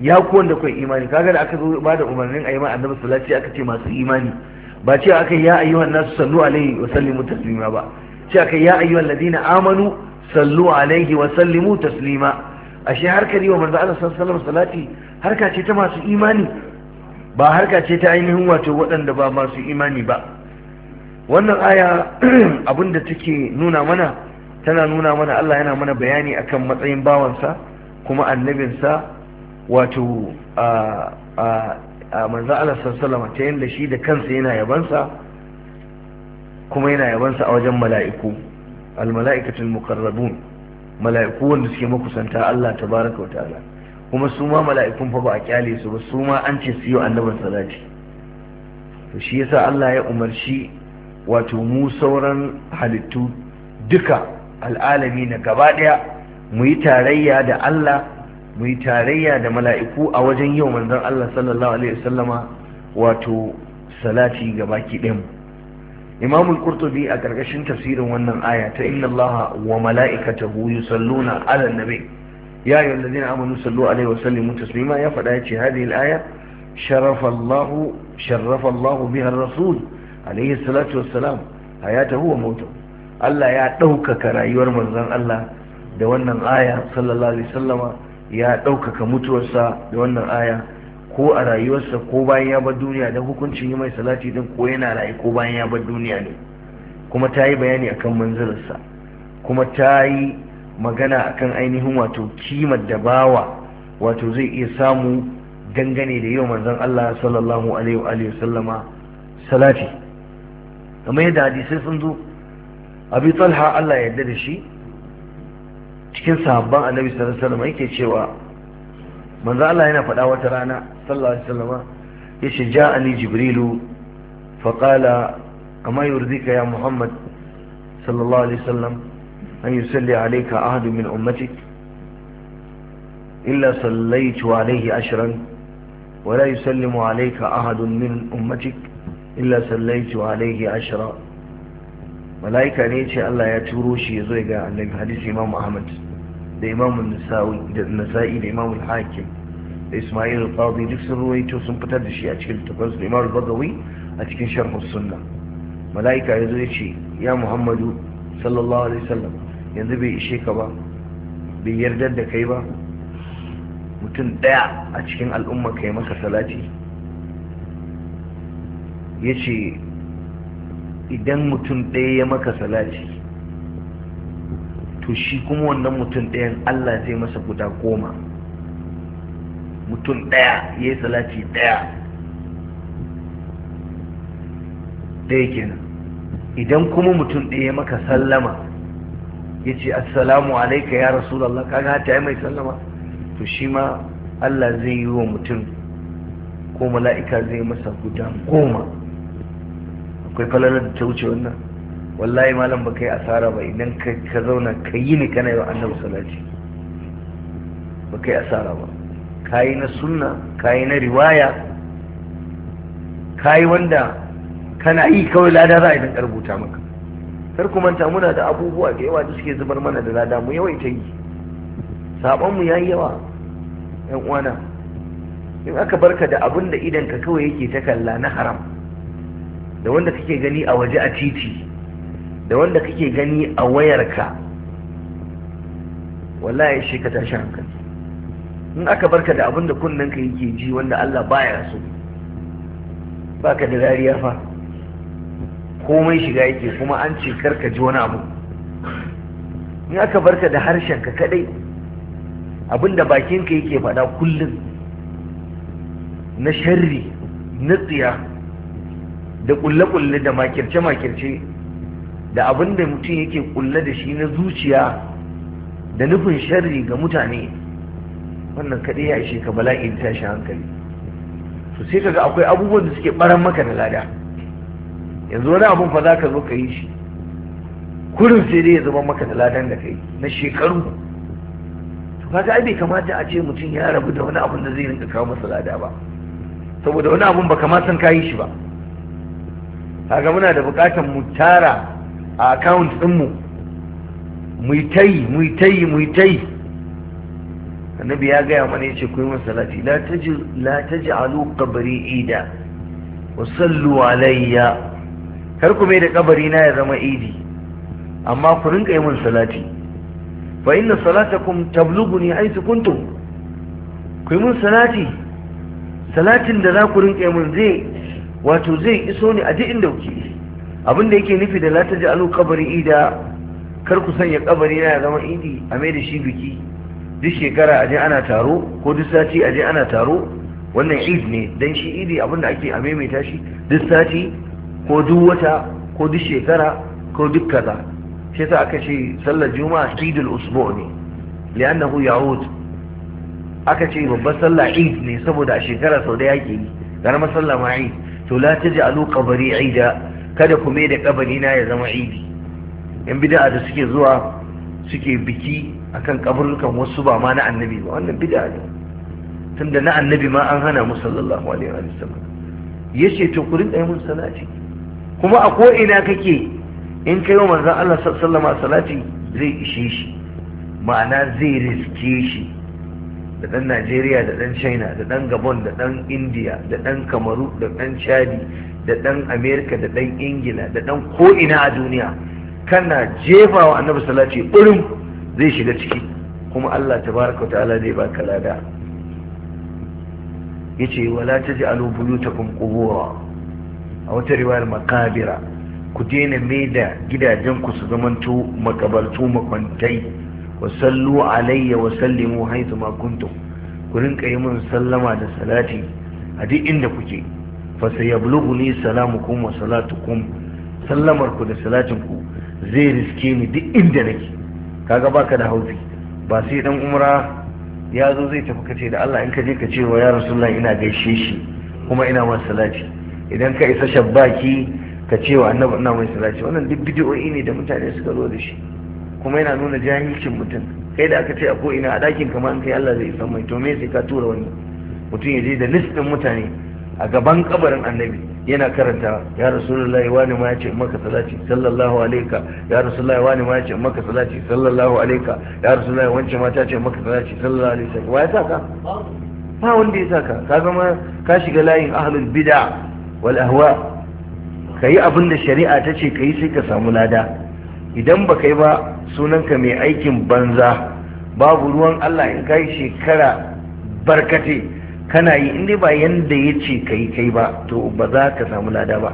ya ku wanda kai imani kaga da aka zo ba da umarnin ayi ma annabi sallallahu aka ce masu imani ba ce aka ya ayyuhan nasu sallu alaihi wa sallimu taslima ba ce aka ya ayyuhan ladina amanu sallu alaihi wa sallimu taslima ashe harkar yi wa manzo Allah sallallahu alaihi salati harka ce ta masu imani ba harka ce ta ainihin wato waɗanda ba masu imani ba wannan aya abinda take nuna mana tana nuna mana Allah yana mana bayani akan matsayin bawansa kuma annabinsa wato a a manzo Allah sallallahu ta da shi da kansa yana yabansa kuma yana yabansa a wajen mala'iku al mala'ikatul muqarrabun mala'iku wanda suke makusanta Allah tabaraka wata ta'ala kuma su ma mala'ikun fa ba a kyale su ba su ma an ce su yi annabin salati to shi yasa Allah ya umarci wato mu sauran halittu duka al'alami na gaba daya mu yi tarayya da Allah mu yi tarayya da mala'iku a wajen yau manzon Allah sallallahu alaihi wasallama wato salati ga baki ɗin imam al-qurtubi a karkashin tafsirin wannan aya ta inna Allah wa mala'ikatahu yusalluna ala nabi ya ayyuhallazina amanu sallu alaihi wa sallimu taslima ya faɗa ya ce hadhihi al-aya sharafa Allah sharafa Allah biha ar-rasul alaihi salatu wassalam hayatahu wa mautahu Allah ya ɗaukaka rayuwar manzon Allah da wannan aya sallallahu alaihi wasallama ya ɗaukaka mutuwarsa da wannan aya ko a rayuwarsa ko bayan ya bar duniya don hukuncin yi mai salati din ko yana raye ko bayan ya bar duniya ne kuma ta yi bayani akan manzilarsa kuma ta yi magana akan ainihin wato kimar da bawa wato zai iya samu dangane da yau manzan. Allah sallallahu alaihi wa sallama salati kamar yadda hadisai sun zo abi talha Allah ya yarda da shi cikin sahabban annabi sallallahu alaihi wasallam yake cewa manzo Allah yana faɗa wata rana sallallahu alaihi wasallam yace ja'ani jibrilu fa qala amma yurdika ya muhammad sallallahu alaihi wasallam an yusalli alayka ahadun min ummatik illa sallaytu alayhi ashran wa la yusallimu alayka ahadun min ummatik illa sallaytu alayhi ashra malaika ne ce Allah ya turo shi ya zo ga annabi hadisi imam Ahmad da imamun nasa'i da nasa'i da imamun hakim da ismail al-qadi duk sun ruwaito sun fitar da shi a cikin littafin su imam al-bagawi a cikin sharh sunna malaika yazo ya ce ya muhammadu sallallahu alaihi wasallam yanzu bai ishe ka ba bai yarda da kai ba mutum daya a cikin al'umma kai maka salati ya ce idan mutum daya ya maka salati to shi kuma wannan mutum ɗayan Allah zai masa guda goma mutum ɗaya ya yi salati ɗaya ɗaya kenan idan kuma mutum ɗaya maka sallama ya ce assalamu alaika ya rasulallah kaga ta yi mai sallama to shi ma Allah zai yi wa mutum ko mala'ika zai masa guda goma akwai falalar da ta wuce wannan wallahi malam ba kai asara ba idan ka zauna ka yi ni kana yau annabi salati ba kai asara ba yi na sunna yi na riwaya yi wanda kana yi kawai lada za a idan rubuta maka kar ku manta muna da abubuwa da yawa da suke zubar mana da lada mu yawaita yi saban mu yayi yawa yan uwana in aka barka da abin da idan ka kawai yake ta kalla na haram da wanda kake gani a waje a titi da wanda kake gani a wayarka wallahi shi ka tashi hankali in aka barka da abin da kunnen ka yake ji wanda Allah baya so baka da dariya fa komai shiga yake kuma an ce karka ji wani abu in aka barka da harshen ka kadai abin da bakin ka yake faɗa kullum na sharri na tsiya da kulle-kulle da makirce-makirce da abin da mutum yake kulle da shi na zuciya da nufin sharri ga mutane wannan kaɗai ya ishe ka bala'in tashi hankali to sai kaga akwai abubuwan da suke baran maka da lada yanzu wani abun fa za ka zo ka yi shi kurin sai dai ya zama maka da ladan da kai na shekaru to kaga ai bai kamata a ce mutum ya rabu da wani abun da zai rinka kawo masa lada ba saboda wani abun ba kama san kayi shi ba kaga muna da bukatan mu tara a account dinmu, mu yi tai mu yi ta mu yi ta annabi ya gaya mana ya ce ku yi masalati la ta ji alu kabari ida wa sallu alayya kar ku mai da kabari na ya zama idi amma ku rinka yi mun salati fa inna salatakum tablughuni haythu kuntum ku yi mun salati salatin da za ku rinka yi mun zai wato zai iso ne a duk inda kuke abin da yake nufi da la taj'alu kabari ida kar ku sanya kabari na zama idi a mai da shi biki duk shekara aje ana taro ko duk sati aje ana taro wannan id ne dan shi idi abin da ake a maimaita shi duk sati ko duk wata ko duk shekara ko duk kaza shi ta aka ce sallar juma'a idul usbu ne li'annahu ya'ud aka ce babbar sallah id ne saboda a shekara sau da yake yi garma sallah ma id to la taj'alu qabri ida kada ku mai da kabari na ya zama idi yan bid'a da suke zuwa suke biki akan kaburukan wasu ba ma na annabi ba wannan bid'a ne tunda na annabi ma an hana mu sallallahu alaihi wa sallam yace to kurin da mun salati kuma a ko ina kake in kai wa manzon Allah sallallahu alaihi wa salati zai ishe shi ma'ana zai riske shi da ɗan najeriya da ɗan china da ɗan gabon da ɗan india da ɗan kamaru da ɗan chadi da ɗan amerika da ɗan ingila da ɗan ko'ina a duniya kana jefa wa annabi salati ɓurin zai shiga ciki kuma allah tabaraka ta'ala zai ba ka lada ya ce wala ta ji alubulu ta kumkubuwa a wata riwayar makabira ku daina mai da gidajenku su zamanto makabartu makwantai wa sallu alayya wa sallimu haitu ma ku rinka yi mun sallama da salati a duk inda kuke fa Salamu salamukum wa salatukum sallamar ku da salatin ku zai riske ni duk inda nake kaga baka da hauzi ba sai dan umra ya zo zai tafi kace da Allah in ka je ka ce wa ya rasulullahi ina gaishe shi kuma ina masa salati idan ka isa shabbaki ka ce wa annabi ina masa salati wannan duk bid'o'i ne da mutane suka zo da shi kuma yana nuna jahilcin mutum kai da aka ce a ko ina a dakin kamar in kai Allah zai isa mai to me sai ka tura wani mutum ya je da listin mutane a gaban kabarin annabi yana karanta ya rasulullahi wani ma ya ce maka salati sallallahu alaika ya rasulullahi wani ma ya ce maka salati sallallahu alaika ya rasulullahi wance ma ta ce maka salati sallallahu alaika wa ya saka ba wanda ya saka ka zama ka shiga layin ahlul bid'a wal ahwa kayi abin da shari'a ta ce kayi sai ka samu lada idan baka yi ba sunanka mai aikin banza babu ruwan Allah in kai shekara barkate kana yi inda ba yanda ya ce kai kai ba to ba za ka samu lada ba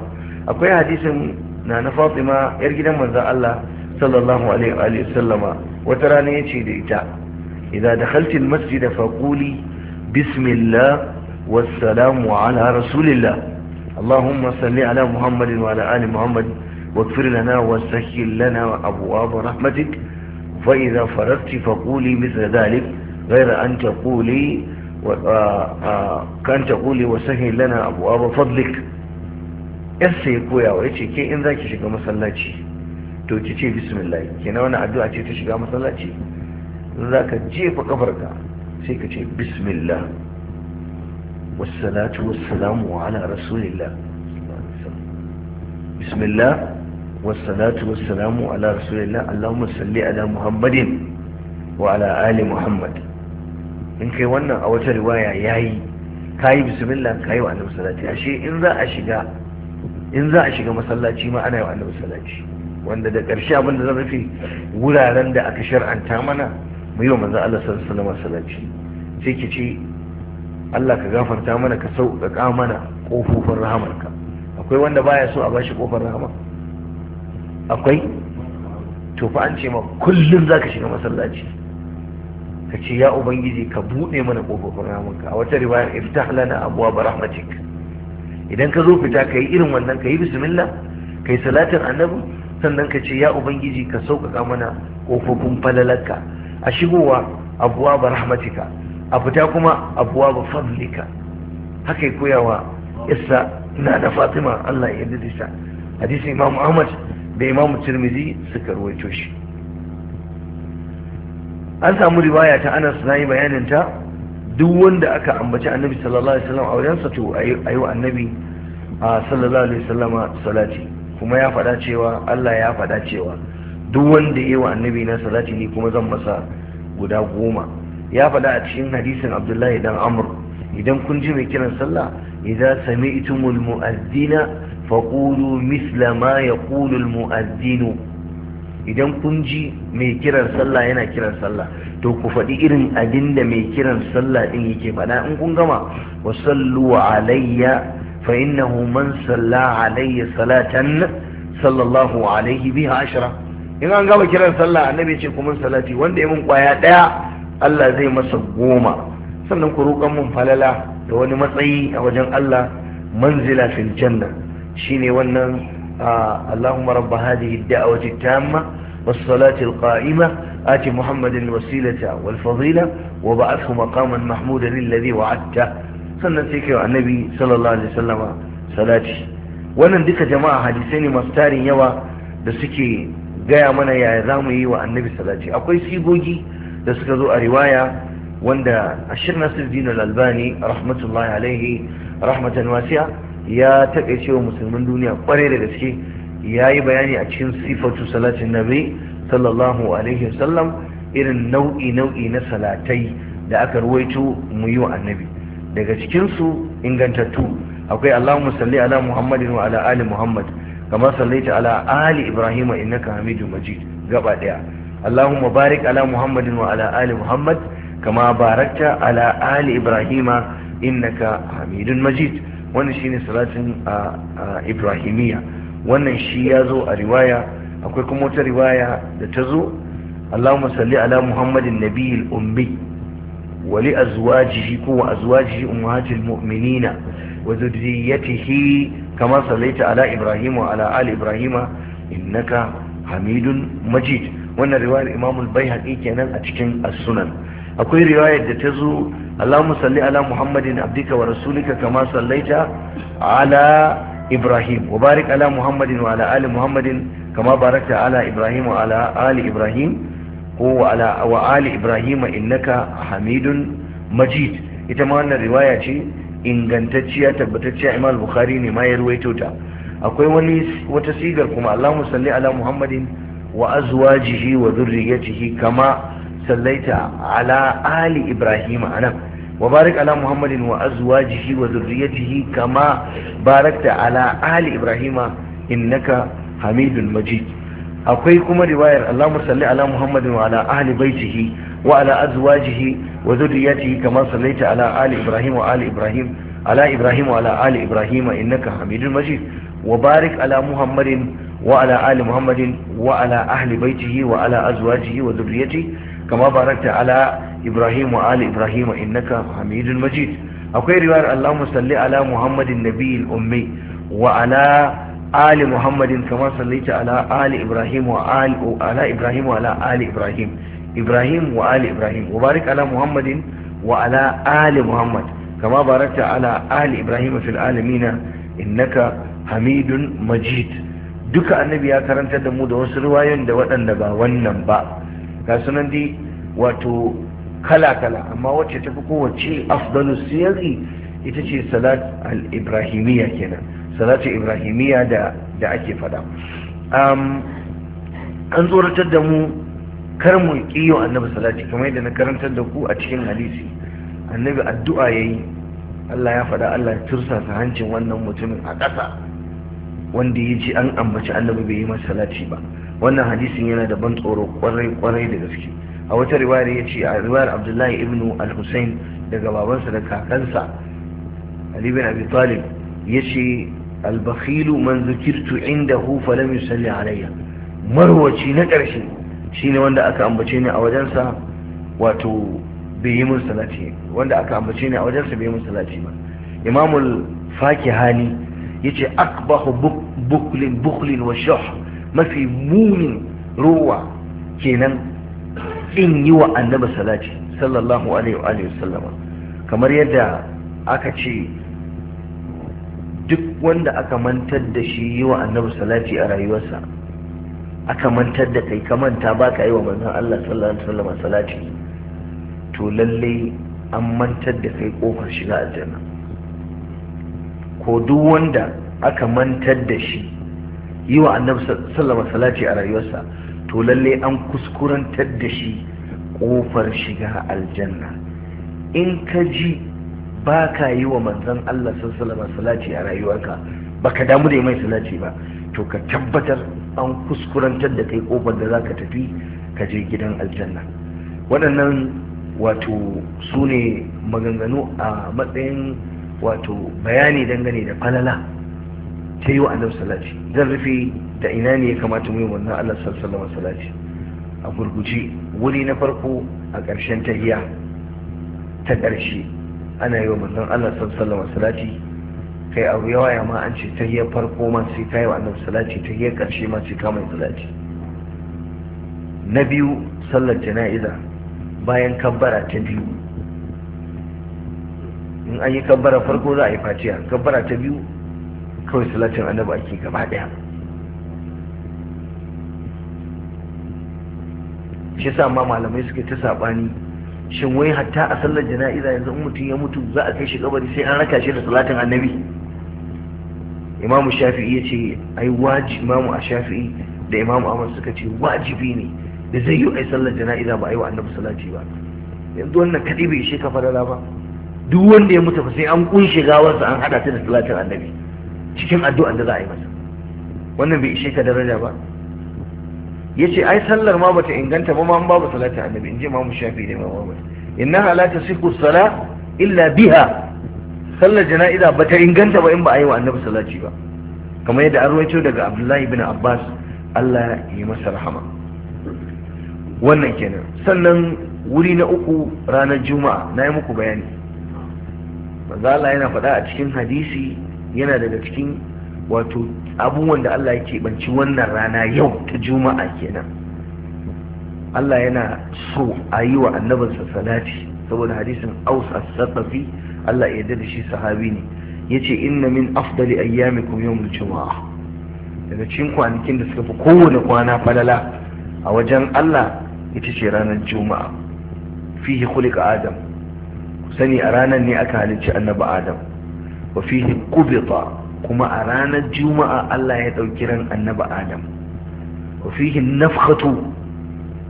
akwai hadisin na na fatima yar gidan manzan Allah sallallahu alaihi wa sallama wata rana ya ce da ita idan da haltin masjid da faƙuli bismillah wassalamu ala rasulillah allahumma salli ala muhammadin wa ala ali muhammad واغفر لنا وسهل لنا أبواب رحمتك فإذا فرغت فقولي مثل ذلك غير أن تقولي kan taquli wa sahil lana abu fadlik yassa ya koya wa ce ke in zaki shiga masallaci to ki ce bismillah kenan wani addu'a ce ta shiga masallaci ka jefa kafarka sai ka ce bismillah والصلاة والسلام على رسول الله بسم الله والصلاة والسلام على رسول الله اللهم صل على محمد وعلى in kai wannan a wata riwaya yayi yi, bismillah yi wa annabi salati ashe in za a shiga in za a shiga masallaci ma ana yi wa annabi salati wanda da ƙarshe abin da zan rufe wuraren da aka shar'anta mana mu yi wa manzo Allah sallallahu alaihi wasallam salati sai ki ce Allah ka gafarta mana ka sauƙaƙa mana ƙofofin rahamarka akwai wanda baya so a bashi ƙofar rahama akwai to fa an ce ma kullum zaka shiga masallaci ka ce ya ubangiji ka buɗe mana ƙofofin ramunka a wata riwayar iftah lana abuwa ba rahmatik idan ka zo fita ka yi irin wannan ka yi bismillah ka yi salatin annabi sannan ka ce ya ubangiji ka sauƙaƙa mana ƙofofin falalarka a shigowa abuwa ba rahmatika a fita kuma abuwa ba fadlika haka yi koyawa isa na da fatima allah ya yarda da hadisin imam ahmad da imam tirmidhi suka ruwaito shi an samu riwaya ta anas na yi bayanin ta duk wanda aka ambaci annabi sallallahu alaihi wasallam a wajensa to yi wa annabi sallallahu alaihi wasallam salati kuma ya faɗa cewa Allah ya faɗa cewa duk wanda yi wa annabi na salati ni kuma zan masa guda goma ya faɗa a cikin hadisin Abdullahi dan Amr idan kun ji mai kiran sallah idza sami'tumul mu'azzina faqulu misla ma yaqulu al mu'azzinu idan kun ji mai kiran sallah yana kiran sallah to ku faɗi irin abin da mai kiran sallah ɗin yake faɗa in kun gama wa sallu alayya fa innahu man salla alayya salatan sallallahu alaihi biha ashra in an gama kiran sallah annabi ce kuma salati wanda ya mun kwaya daya Allah zai masa goma sannan ku roƙan mun falala da wani matsayi a wajen Allah manzila fil janna shine wannan اللهم رب هذه الدعوة التامة والصلاة القائمة آت محمد الوسيلة والفضيلة وبعثه مقاما محمودا للذي وعدته sannan sai kai annabi sallallahu alaihi wasallama salati wannan duka jama'a hadisai ne masu tarin yawa da suke gaya mana yaya za mu wa annabi salati akwai sigogi da suka zo a riwaya wanda ashir nasiruddin al-albani rahmatullahi alaihi rahmatan wasi'a ya taƙaice wa musulmin duniya ƙwarai da gaske ya yi bayani a cikin sifatu salatin nabi sallallahu alaihi wasallam irin nau'i nau'i na salatai da aka ruwaito mu yi wa annabi daga cikinsu ingantattu akwai allahumma salli ala muhammadin wa ala ali muhammad kama sallaita ala ali ibrahim innaka hamidu majid gaba daya allahumma barik ala muhammadin wa ala ali muhammad kama barakta ala ali ibrahim innaka hamidu majid wannan shine salatin ibrahimiya wannan shi ya zo a riwaya akwai kuma wata riwaya da ta zo allahumma salli ala muhammadin nabiyil ummi wa li azwajihi ko wa azwajihi ummahatil mu'minina wa dhurriyyatihi kama sallaita ala ibrahim wa ala ali ibrahim innaka hamidun majid wannan riwayar imamul al kenan a cikin as-sunan akwai riwayar da ta zo Allahumma salli ala Muhammadin abdika wa rasulika kama sallaita ala Ibrahim wa barik ala Muhammadin wa ala ali Muhammadin kama barakta ala Ibrahim wa ala ali Ibrahim ko wa ala wa ali Ibrahim innaka Hamidun Majid ita ma wannan riwaya ce ingantacciya tabbatacciya Imam Bukhari ne ma ya ruwaito ta akwai wani wata sigar kuma Allahumma salli ala Muhammadin wa azwajihi wa dhurriyyatihi kama sallaita ala ali ibrahim anan wa barik ala muhammadin wa azwajihi wa zurriyyatihi kama barakta ala ali ibrahim innaka hamidul majid akwai kuma riwayar Allahumma salli ala muhammadin wa ala ahli baitihi wa ala azwajihi wa zurriyyatihi kama sallaita ala ali ibrahim wa ali ibrahim ala ibrahim wa ala ali ibrahim innaka hamidul majid wa barik ala muhammadin wa ala محمد وعلى أهل بيته وعلى أزواجه وذريته kama barakta ala ibrahim wa ali ibrahim innaka hamidul majid akwai riwayar allahumma salli ala muhammadin nabiyil ummi wa ala ali muhammadin kama sallaita ala ali ibrahim wa ala ali ibrahim ibrahim wa ali ibrahim wa ala muhammadin wa ala ali muhammad kama barakta ala ali ibrahim fil hamidun majid duka annabi ya karantar da mu da wasu riwayoyin da waɗanda ba wannan ba ga sunan dai wato kala-kala amma wacce tafi kowace afdalu siyari ita ce salat al-ibrahimiyya kenan salatu ibrahimiyya da da ake fada an tsoratar da mu kar mu kiyo annabi salati kamar yadda na karantar da ku a cikin hadisi annabi addu'a yayi Allah ya faɗa Allah ya tursa sa hancin wannan mutumin a ƙasa wanda ya ji an ambaci annabi bai yi masa salati ba wannan hadisin yana da ban tsoro kwarai kwarai da gaske a wata riwayar ya ce a riwayar abdullahi ibn al-husain daga babansa da kakansa ali bin abi talib ya ce albakhilu man zukirtu indahu falam yusalli alayya marwaci na ƙarshe shine wanda aka ambace ni a wajensa wato bai yi min salati wanda aka ambace ni a wajensa bai yi mun salati ba imamul fakihani yace akbahu buklin buklin wa shuh mafi munin ruwa kenan in yi wa annaba salati sallallahu alaihi wa sallama kamar yadda aka ce duk wanda aka mantar da shi yi wa annaba salati a rayuwarsa aka mantar da kai ka ta ba ka yi wa manzon Allah sallallahu alaihi wasallam salati to lalle an mantar da kai kofar shiga aljanna ko duk wanda aka mantar da shi yi wa annabi sallama salati a rayuwarsa to lalle an kuskurantar da shi kofar shiga aljanna in ka ji ba ka yi wa manzan Allah sallama salati a rayuwarka ba ka damu da mai salati ba to ka tabbatar an kuskurantar da kai kofar da za ka tafi ka je gidan aljanna waɗannan wato su ne maganganu a matsayin wato bayani dangane da falala ta yi wa annabi salati zan rufe da ina ne ya kamata mu yi wannan Allah sallallahu alaihi a gurguje wuri na farko a ƙarshen tahiya ta ƙarshe ana yi wa manzon Allah sallallahu alaihi kai abu yawa ya ma an ce tahiyar farko ma sai ka yi wa annabi salati tahiyar ƙarshe ma sai ka mai salati na biyu sallar jana'iza bayan kabbara ta biyu in an yi kabbara farko za a yi fatiha kabbara ta biyu kawai salatin annabi ake gaba daya shi sa ma malamai suke ta sabani shin wai hatta a sallar jana'iza yanzu in mutum ya mutu za a kai shi kabari sai an raka shi da salatin annabi imamu shafi'i ya ce ai wajibi imamu a shafi'i da imamu ahmad suka ce wajibi ne da zai yi ai sallar jana'iza ba a yi wa annabi salati ba yanzu wannan kadai bai shi kafarara ba duk wanda ya mutu sai an kunshe gawarsa an hada ta da salatin annabi cikin addu'an da za a yi masa wannan bai ishe ka daraja ba ya ce ai sallar ma bata inganta ba ma an babu salata annabi in ji ma mu shafi ne ma babu inna la siku, sala illa biha sallar jana'iza bata inganta ba in ba a yi wa annabi salati ba kamar yadda an ruwaito daga abdullahi ibn abbas Allah ya yi masa rahama wannan kenan sannan wuri na uku ranar juma'a na yi muku bayani manzo Allah yana faɗa a cikin hadisi yana daga cikin wato abubuwan da Allah ya keɓanci wannan rana yau ta juma'a kenan Allah yana so a yi wa annabinsa salati saboda hadisin aus as-saqafi Allah ya da shi sahabi ne yace inna min afdali ayyamikum yawmul juma'a daga cikin kwanakin da suka fi kowane kwana falala a wajen Allah ita ce ranar juma'a fihi khuliqa adam sani a ranar ne aka halicci annabi adam wa fihi qubita kuma a ranar juma'a Allah ya ɗauki ran annabi adam wa fihi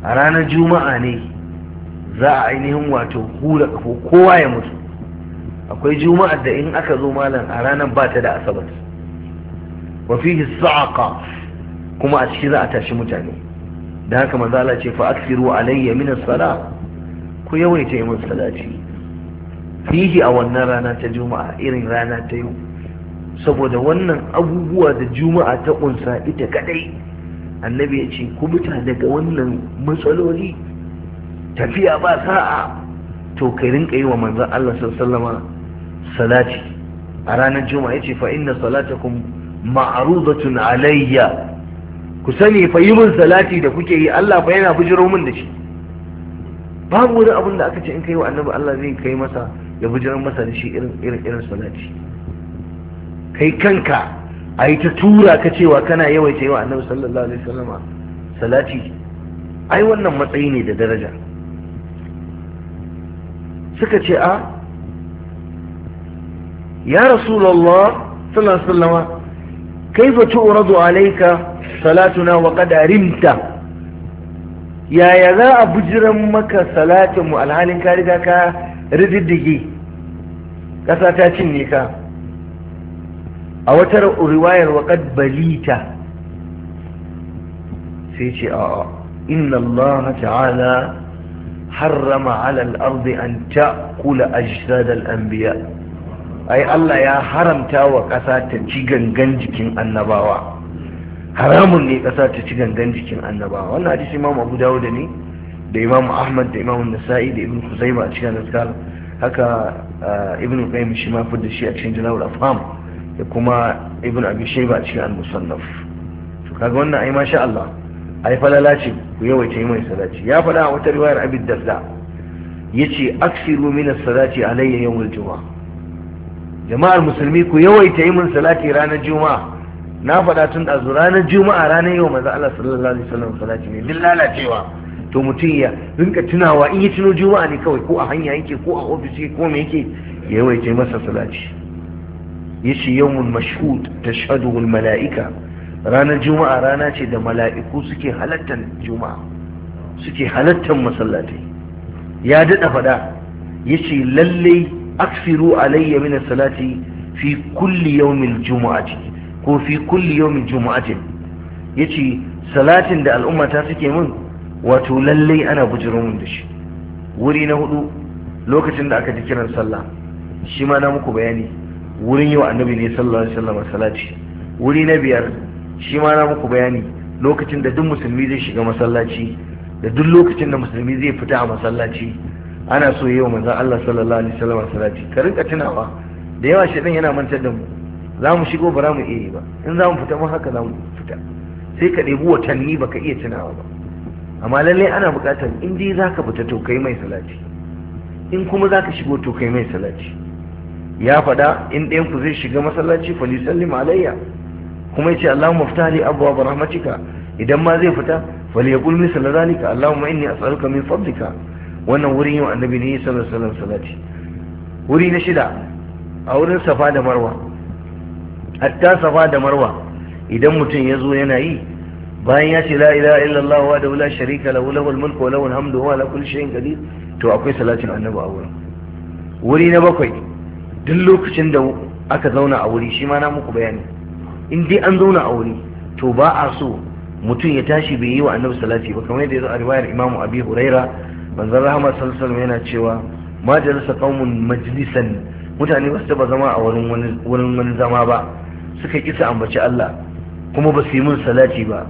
a ranar juma'a ne za a ainihin wato kowa ya mutu akwai juma'ar da in aka zo malam a ranar ba ta da asabar wa fihi kuma a ciki za a tashi mutane da haka mazala ce fa aksiru alayya min as-sala ku yawaita yin salati fihi a wannan rana ta juma'a irin rana ta yau saboda wannan abubuwa da juma'a ta kunsa ita kadai annabi ya ce kubuta daga wannan matsaloli tafiya ba sa'a to kai rinka yi wa manzon Allah sallama salati a ranar juma'a ya ce fa inna salatakum ma'rudatun alayya ku sani fa yi min salati da kuke yi Allah fa yana bujiro min da shi babu wani abin da aka ce in kai wa annabi Allah zai kai masa ya bujiran masa da shi irin irin irin salati kai kanka a yi ta tura ka cewa kana yawaita yi wa annabi sallallahu alaihi wasallama salati ai wannan matsayi ne da daraja suka ce a ya rasulullah sallallahu alaihi wasallama kaifa tu'radu alayka salatuna wa qad arimta yaya za a bujiran maka salatinmu alhalin ka riga ka rididdige ƙasa ta cinye ka a wata riwayar waƙad balita sai ce a inna Allah ta'ala harrama ala al-ardi an ta'kula ajsad anbiya ai Allah ya haramta wa ƙasa ta ci gangan jikin annabawa haramun ne ƙasa ta ci gangan jikin annabawa wannan hadisi imamu abu da ne da imamu ahmad da imamu nasa'i da ibn kuzaima a cikin azkar haka ibn qayyim shi ma fi da shi a cikin jalawul afham da kuma ibn abi shayba a cikin al-musannaf to kaga wannan ai masha Allah ai falala ce ku yawaita yi mai salati ya faɗa a wata riwayar abi darda yace aksiru min as-salati alayya yawm al-jumu'ah jama'ar musulmi ku yawaita yi min salati ranar juma'a na faɗa tun a ranar juma'a ranar yau maza Allah sallallahu alaihi wasallam salati ne din lalacewa to mutum ya rinka tunawa in ya tuno juma'a ne kawai ko a hanya yake ko a ofisi ko me yake ya yawaita masa salati yace yawmul mashhud tashhadu al malaika ranar juma'a rana ce da mala'iku suke halattan juma'a suke halattan masallatai ya daɗa faɗa yace lalle aksiru alayya min salati fi kulli yawmil juma'ati ko fi kulli yawmin jumu'atin yace salatin da al'ummata suke min wato lallai ana bujiro mun da shi wuri na hudu lokacin da aka ji kiran sallah shi ma na muku bayani wurin yau annabi ne sallallahu alaihi wasallam salati wuri na biyar shi ma na muku bayani lokacin da duk musulmi zai shiga masallaci da duk lokacin da musulmi zai fita a masallaci ana so yau manzon Allah sallallahu alaihi wasallam salati ka rinka tunawa da yawa shedan yana mantar da mu za mu shigo ba za mu iya ba in za mu fita mu haka za mu fita sai ka ɗebi watanni ba ka iya tunawa ba amma lallai ana buƙatar in dai za ka fita to kai mai salati in kuma za ka shigo to kai mai salati ya faɗa in ɗayan ku zai shiga masallaci fali sallim alayya kuma ya ce allahumma ftali abwa bi rahmatika idan ma zai fita fali yaqul misla zalika allahumma inni as'aluka min fadlika wannan wurin yau annabi ne sallallahu alaihi wasallam salati wuri na shida a wurin safa da marwa hatta safa da marwa idan mutum ya zo yana yi bayan ya ce la ilaha illallah wa da wula sharika lahu lahul mulku wa lahul hamdu wa ala kulli shay'in qadir to akwai salatin annabi a wurin wuri na bakwai duk lokacin da aka zauna a wuri shi ma na muku bayani in dai an zauna a wuri to ba a so mutum ya tashi bai yi wa annabi salati ba kamar yadda ya zo a riwayar imam abi huraira manzon rahama sallallahu alaihi yana cewa ma jalasa qaumun majlisan mutane ba su taba zama a wurin wani zama ba suka kisa ambaci Allah kuma ba su yi mun salati ba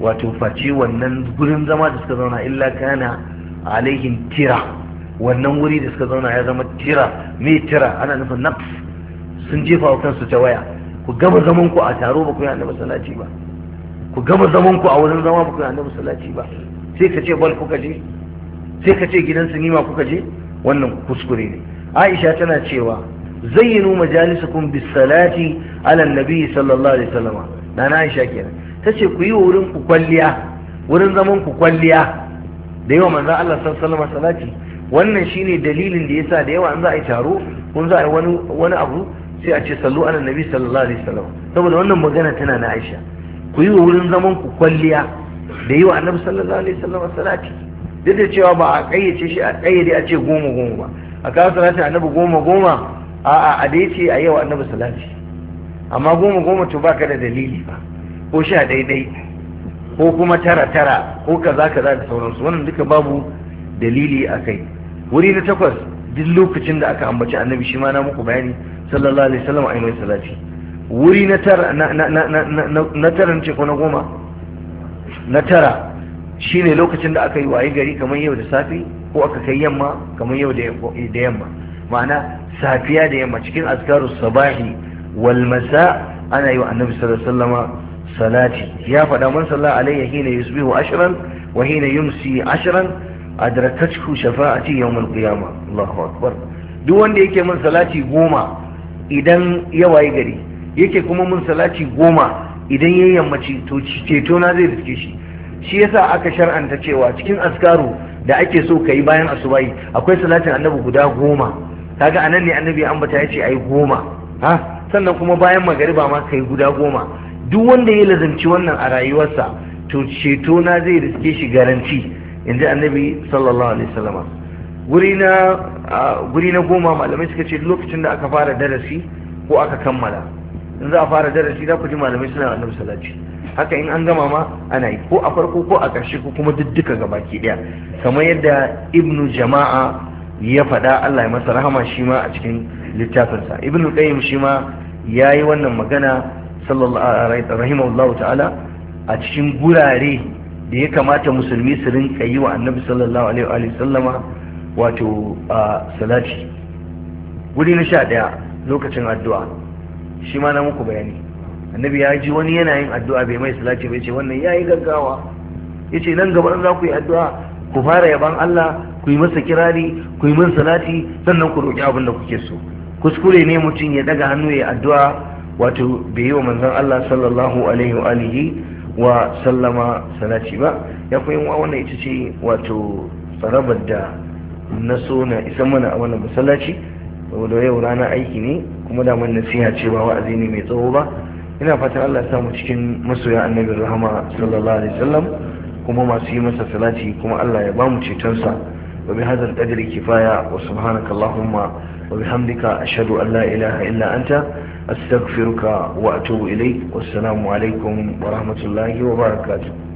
wato face wannan gurin zama da suka zauna illa kana alaihim tira wannan wuri da suka zauna ya zama tira me tira ana nufin nafs sun jefa wa kansu ta waya ku gama zaman ku a taro ba ku yi annabi salati ba ku gama zaman ku a wurin zama ba ku yi annabi salati ba sai ka ce bal kuka je sai ka ce gidan sunima kuka je wannan kuskure ne aisha tana cewa zayyinu majalisakum bis salati ala nabi sallallahu alaihi wasallam Da na Aisha kenan tace ku yi wurin ku kwalliya wurin zaman ku kwalliya da yawa manzon Allah sallallahu alaihi salati wannan shine dalilin da yasa da yawa an za a yi taro kun za a yi wani wani abu sai a ce sallu ala nabi sallallahu alaihi wasallam saboda wannan magana tana na Aisha ku yi wurin zaman ku kwalliya da yawa wa annabi sallallahu alaihi wasallam salati duk da cewa ba a kayyace shi a kayyade a ce goma goma ba a kawo salatin annabi goma goma a'a a dai ce a yau annabi salati amma goma goma to baka da dalili ba ko sha daidai ko kuma tara tara ko kaza kaza da sauransu wannan duka babu dalili a kai wuri na takwas duk lokacin da aka ambaci annabi shi ma na muku bayani sallallahu alaihi wasallam a mai salati wuri na tara na na na na tara ce ko na goma na tara shine lokacin da aka yi waye gari kamar yau da safe ko aka kai yamma kamar yau da yamma ma'ana safiya da yamma cikin azkaru sabahi wal masa ana yi wa annabi sallallahu alaihi wasallama salati ya faɗa man sallah alayya hina yusbihu ashran wa hina yumsi ashran adrakatku shafa'ati yawmal qiyamah Allahu akbar duk wanda yake mun salati goma idan ya wayi gari yake kuma mun salati goma idan ya yammaci to ceto na zai riske shi shi yasa aka shar'anta cewa cikin askaru da ake so ka yi bayan asubahi akwai salatin annabi guda goma kaga anan ne annabi ambata ya ce ai goma ha sannan kuma bayan magariba ma kai guda goma duk wanda ya lazanci wannan a rayuwarsa to ceto na zai riske shi garanti inji annabi sallallahu alaihi wasallama guri na guri na goma malamai suka ce lokacin da aka fara darasi ko aka kammala in za a fara darasi za ku ji malamai suna annabi salati haka in an gama ma ana yi ko a farko ko a ƙarshe ko kuma duk duka gabaki daya kamar yadda ibnu jama'a ya faɗa Allah ya masa rahama shi ma a cikin littafinsa ibn qayyim shi ma yayi wannan magana sallallahu rahimahullahu ta'ala a cikin gurare da ya kamata musulmi su rinka yi wa annabi sallallahu alaihi wa sallama wato salati guri na sha ɗaya lokacin addu'a shi ma na muku bayani annabi ya ji wani yana yin addu'a bai mai salati bai ce wannan yayi gaggawa yace nan gaba za ku yi addu'a ku fara yaban Allah ku yi masa kirari ku yi masa salati sannan ku roki abin da kuke so kuskure ne mutum ya daga hannu ya addu'a wato bai yi wa manzon Allah sallallahu alaihi wa alihi wa sallama salati ba ya koyi wa wannan ita ce wato tsarabar da na so na isa mana a wannan masallaci saboda yau rana aiki ne kuma da man nasiha ce ba wa'azi ne mai tsawo ba ina fatan Allah ya samu cikin masoya annabi rahama sallallahu alaihi wasallam kuma masu yi masa salati kuma Allah ya bamu cetonsa wa bi hadzal qadri kifaya wa subhanaka allahumma wa bihamdika ashhadu an la ilaha illa anta astaghfiruka wa atubu ilayk wassalamu alaikum wa rahmatullahi wa barakatuh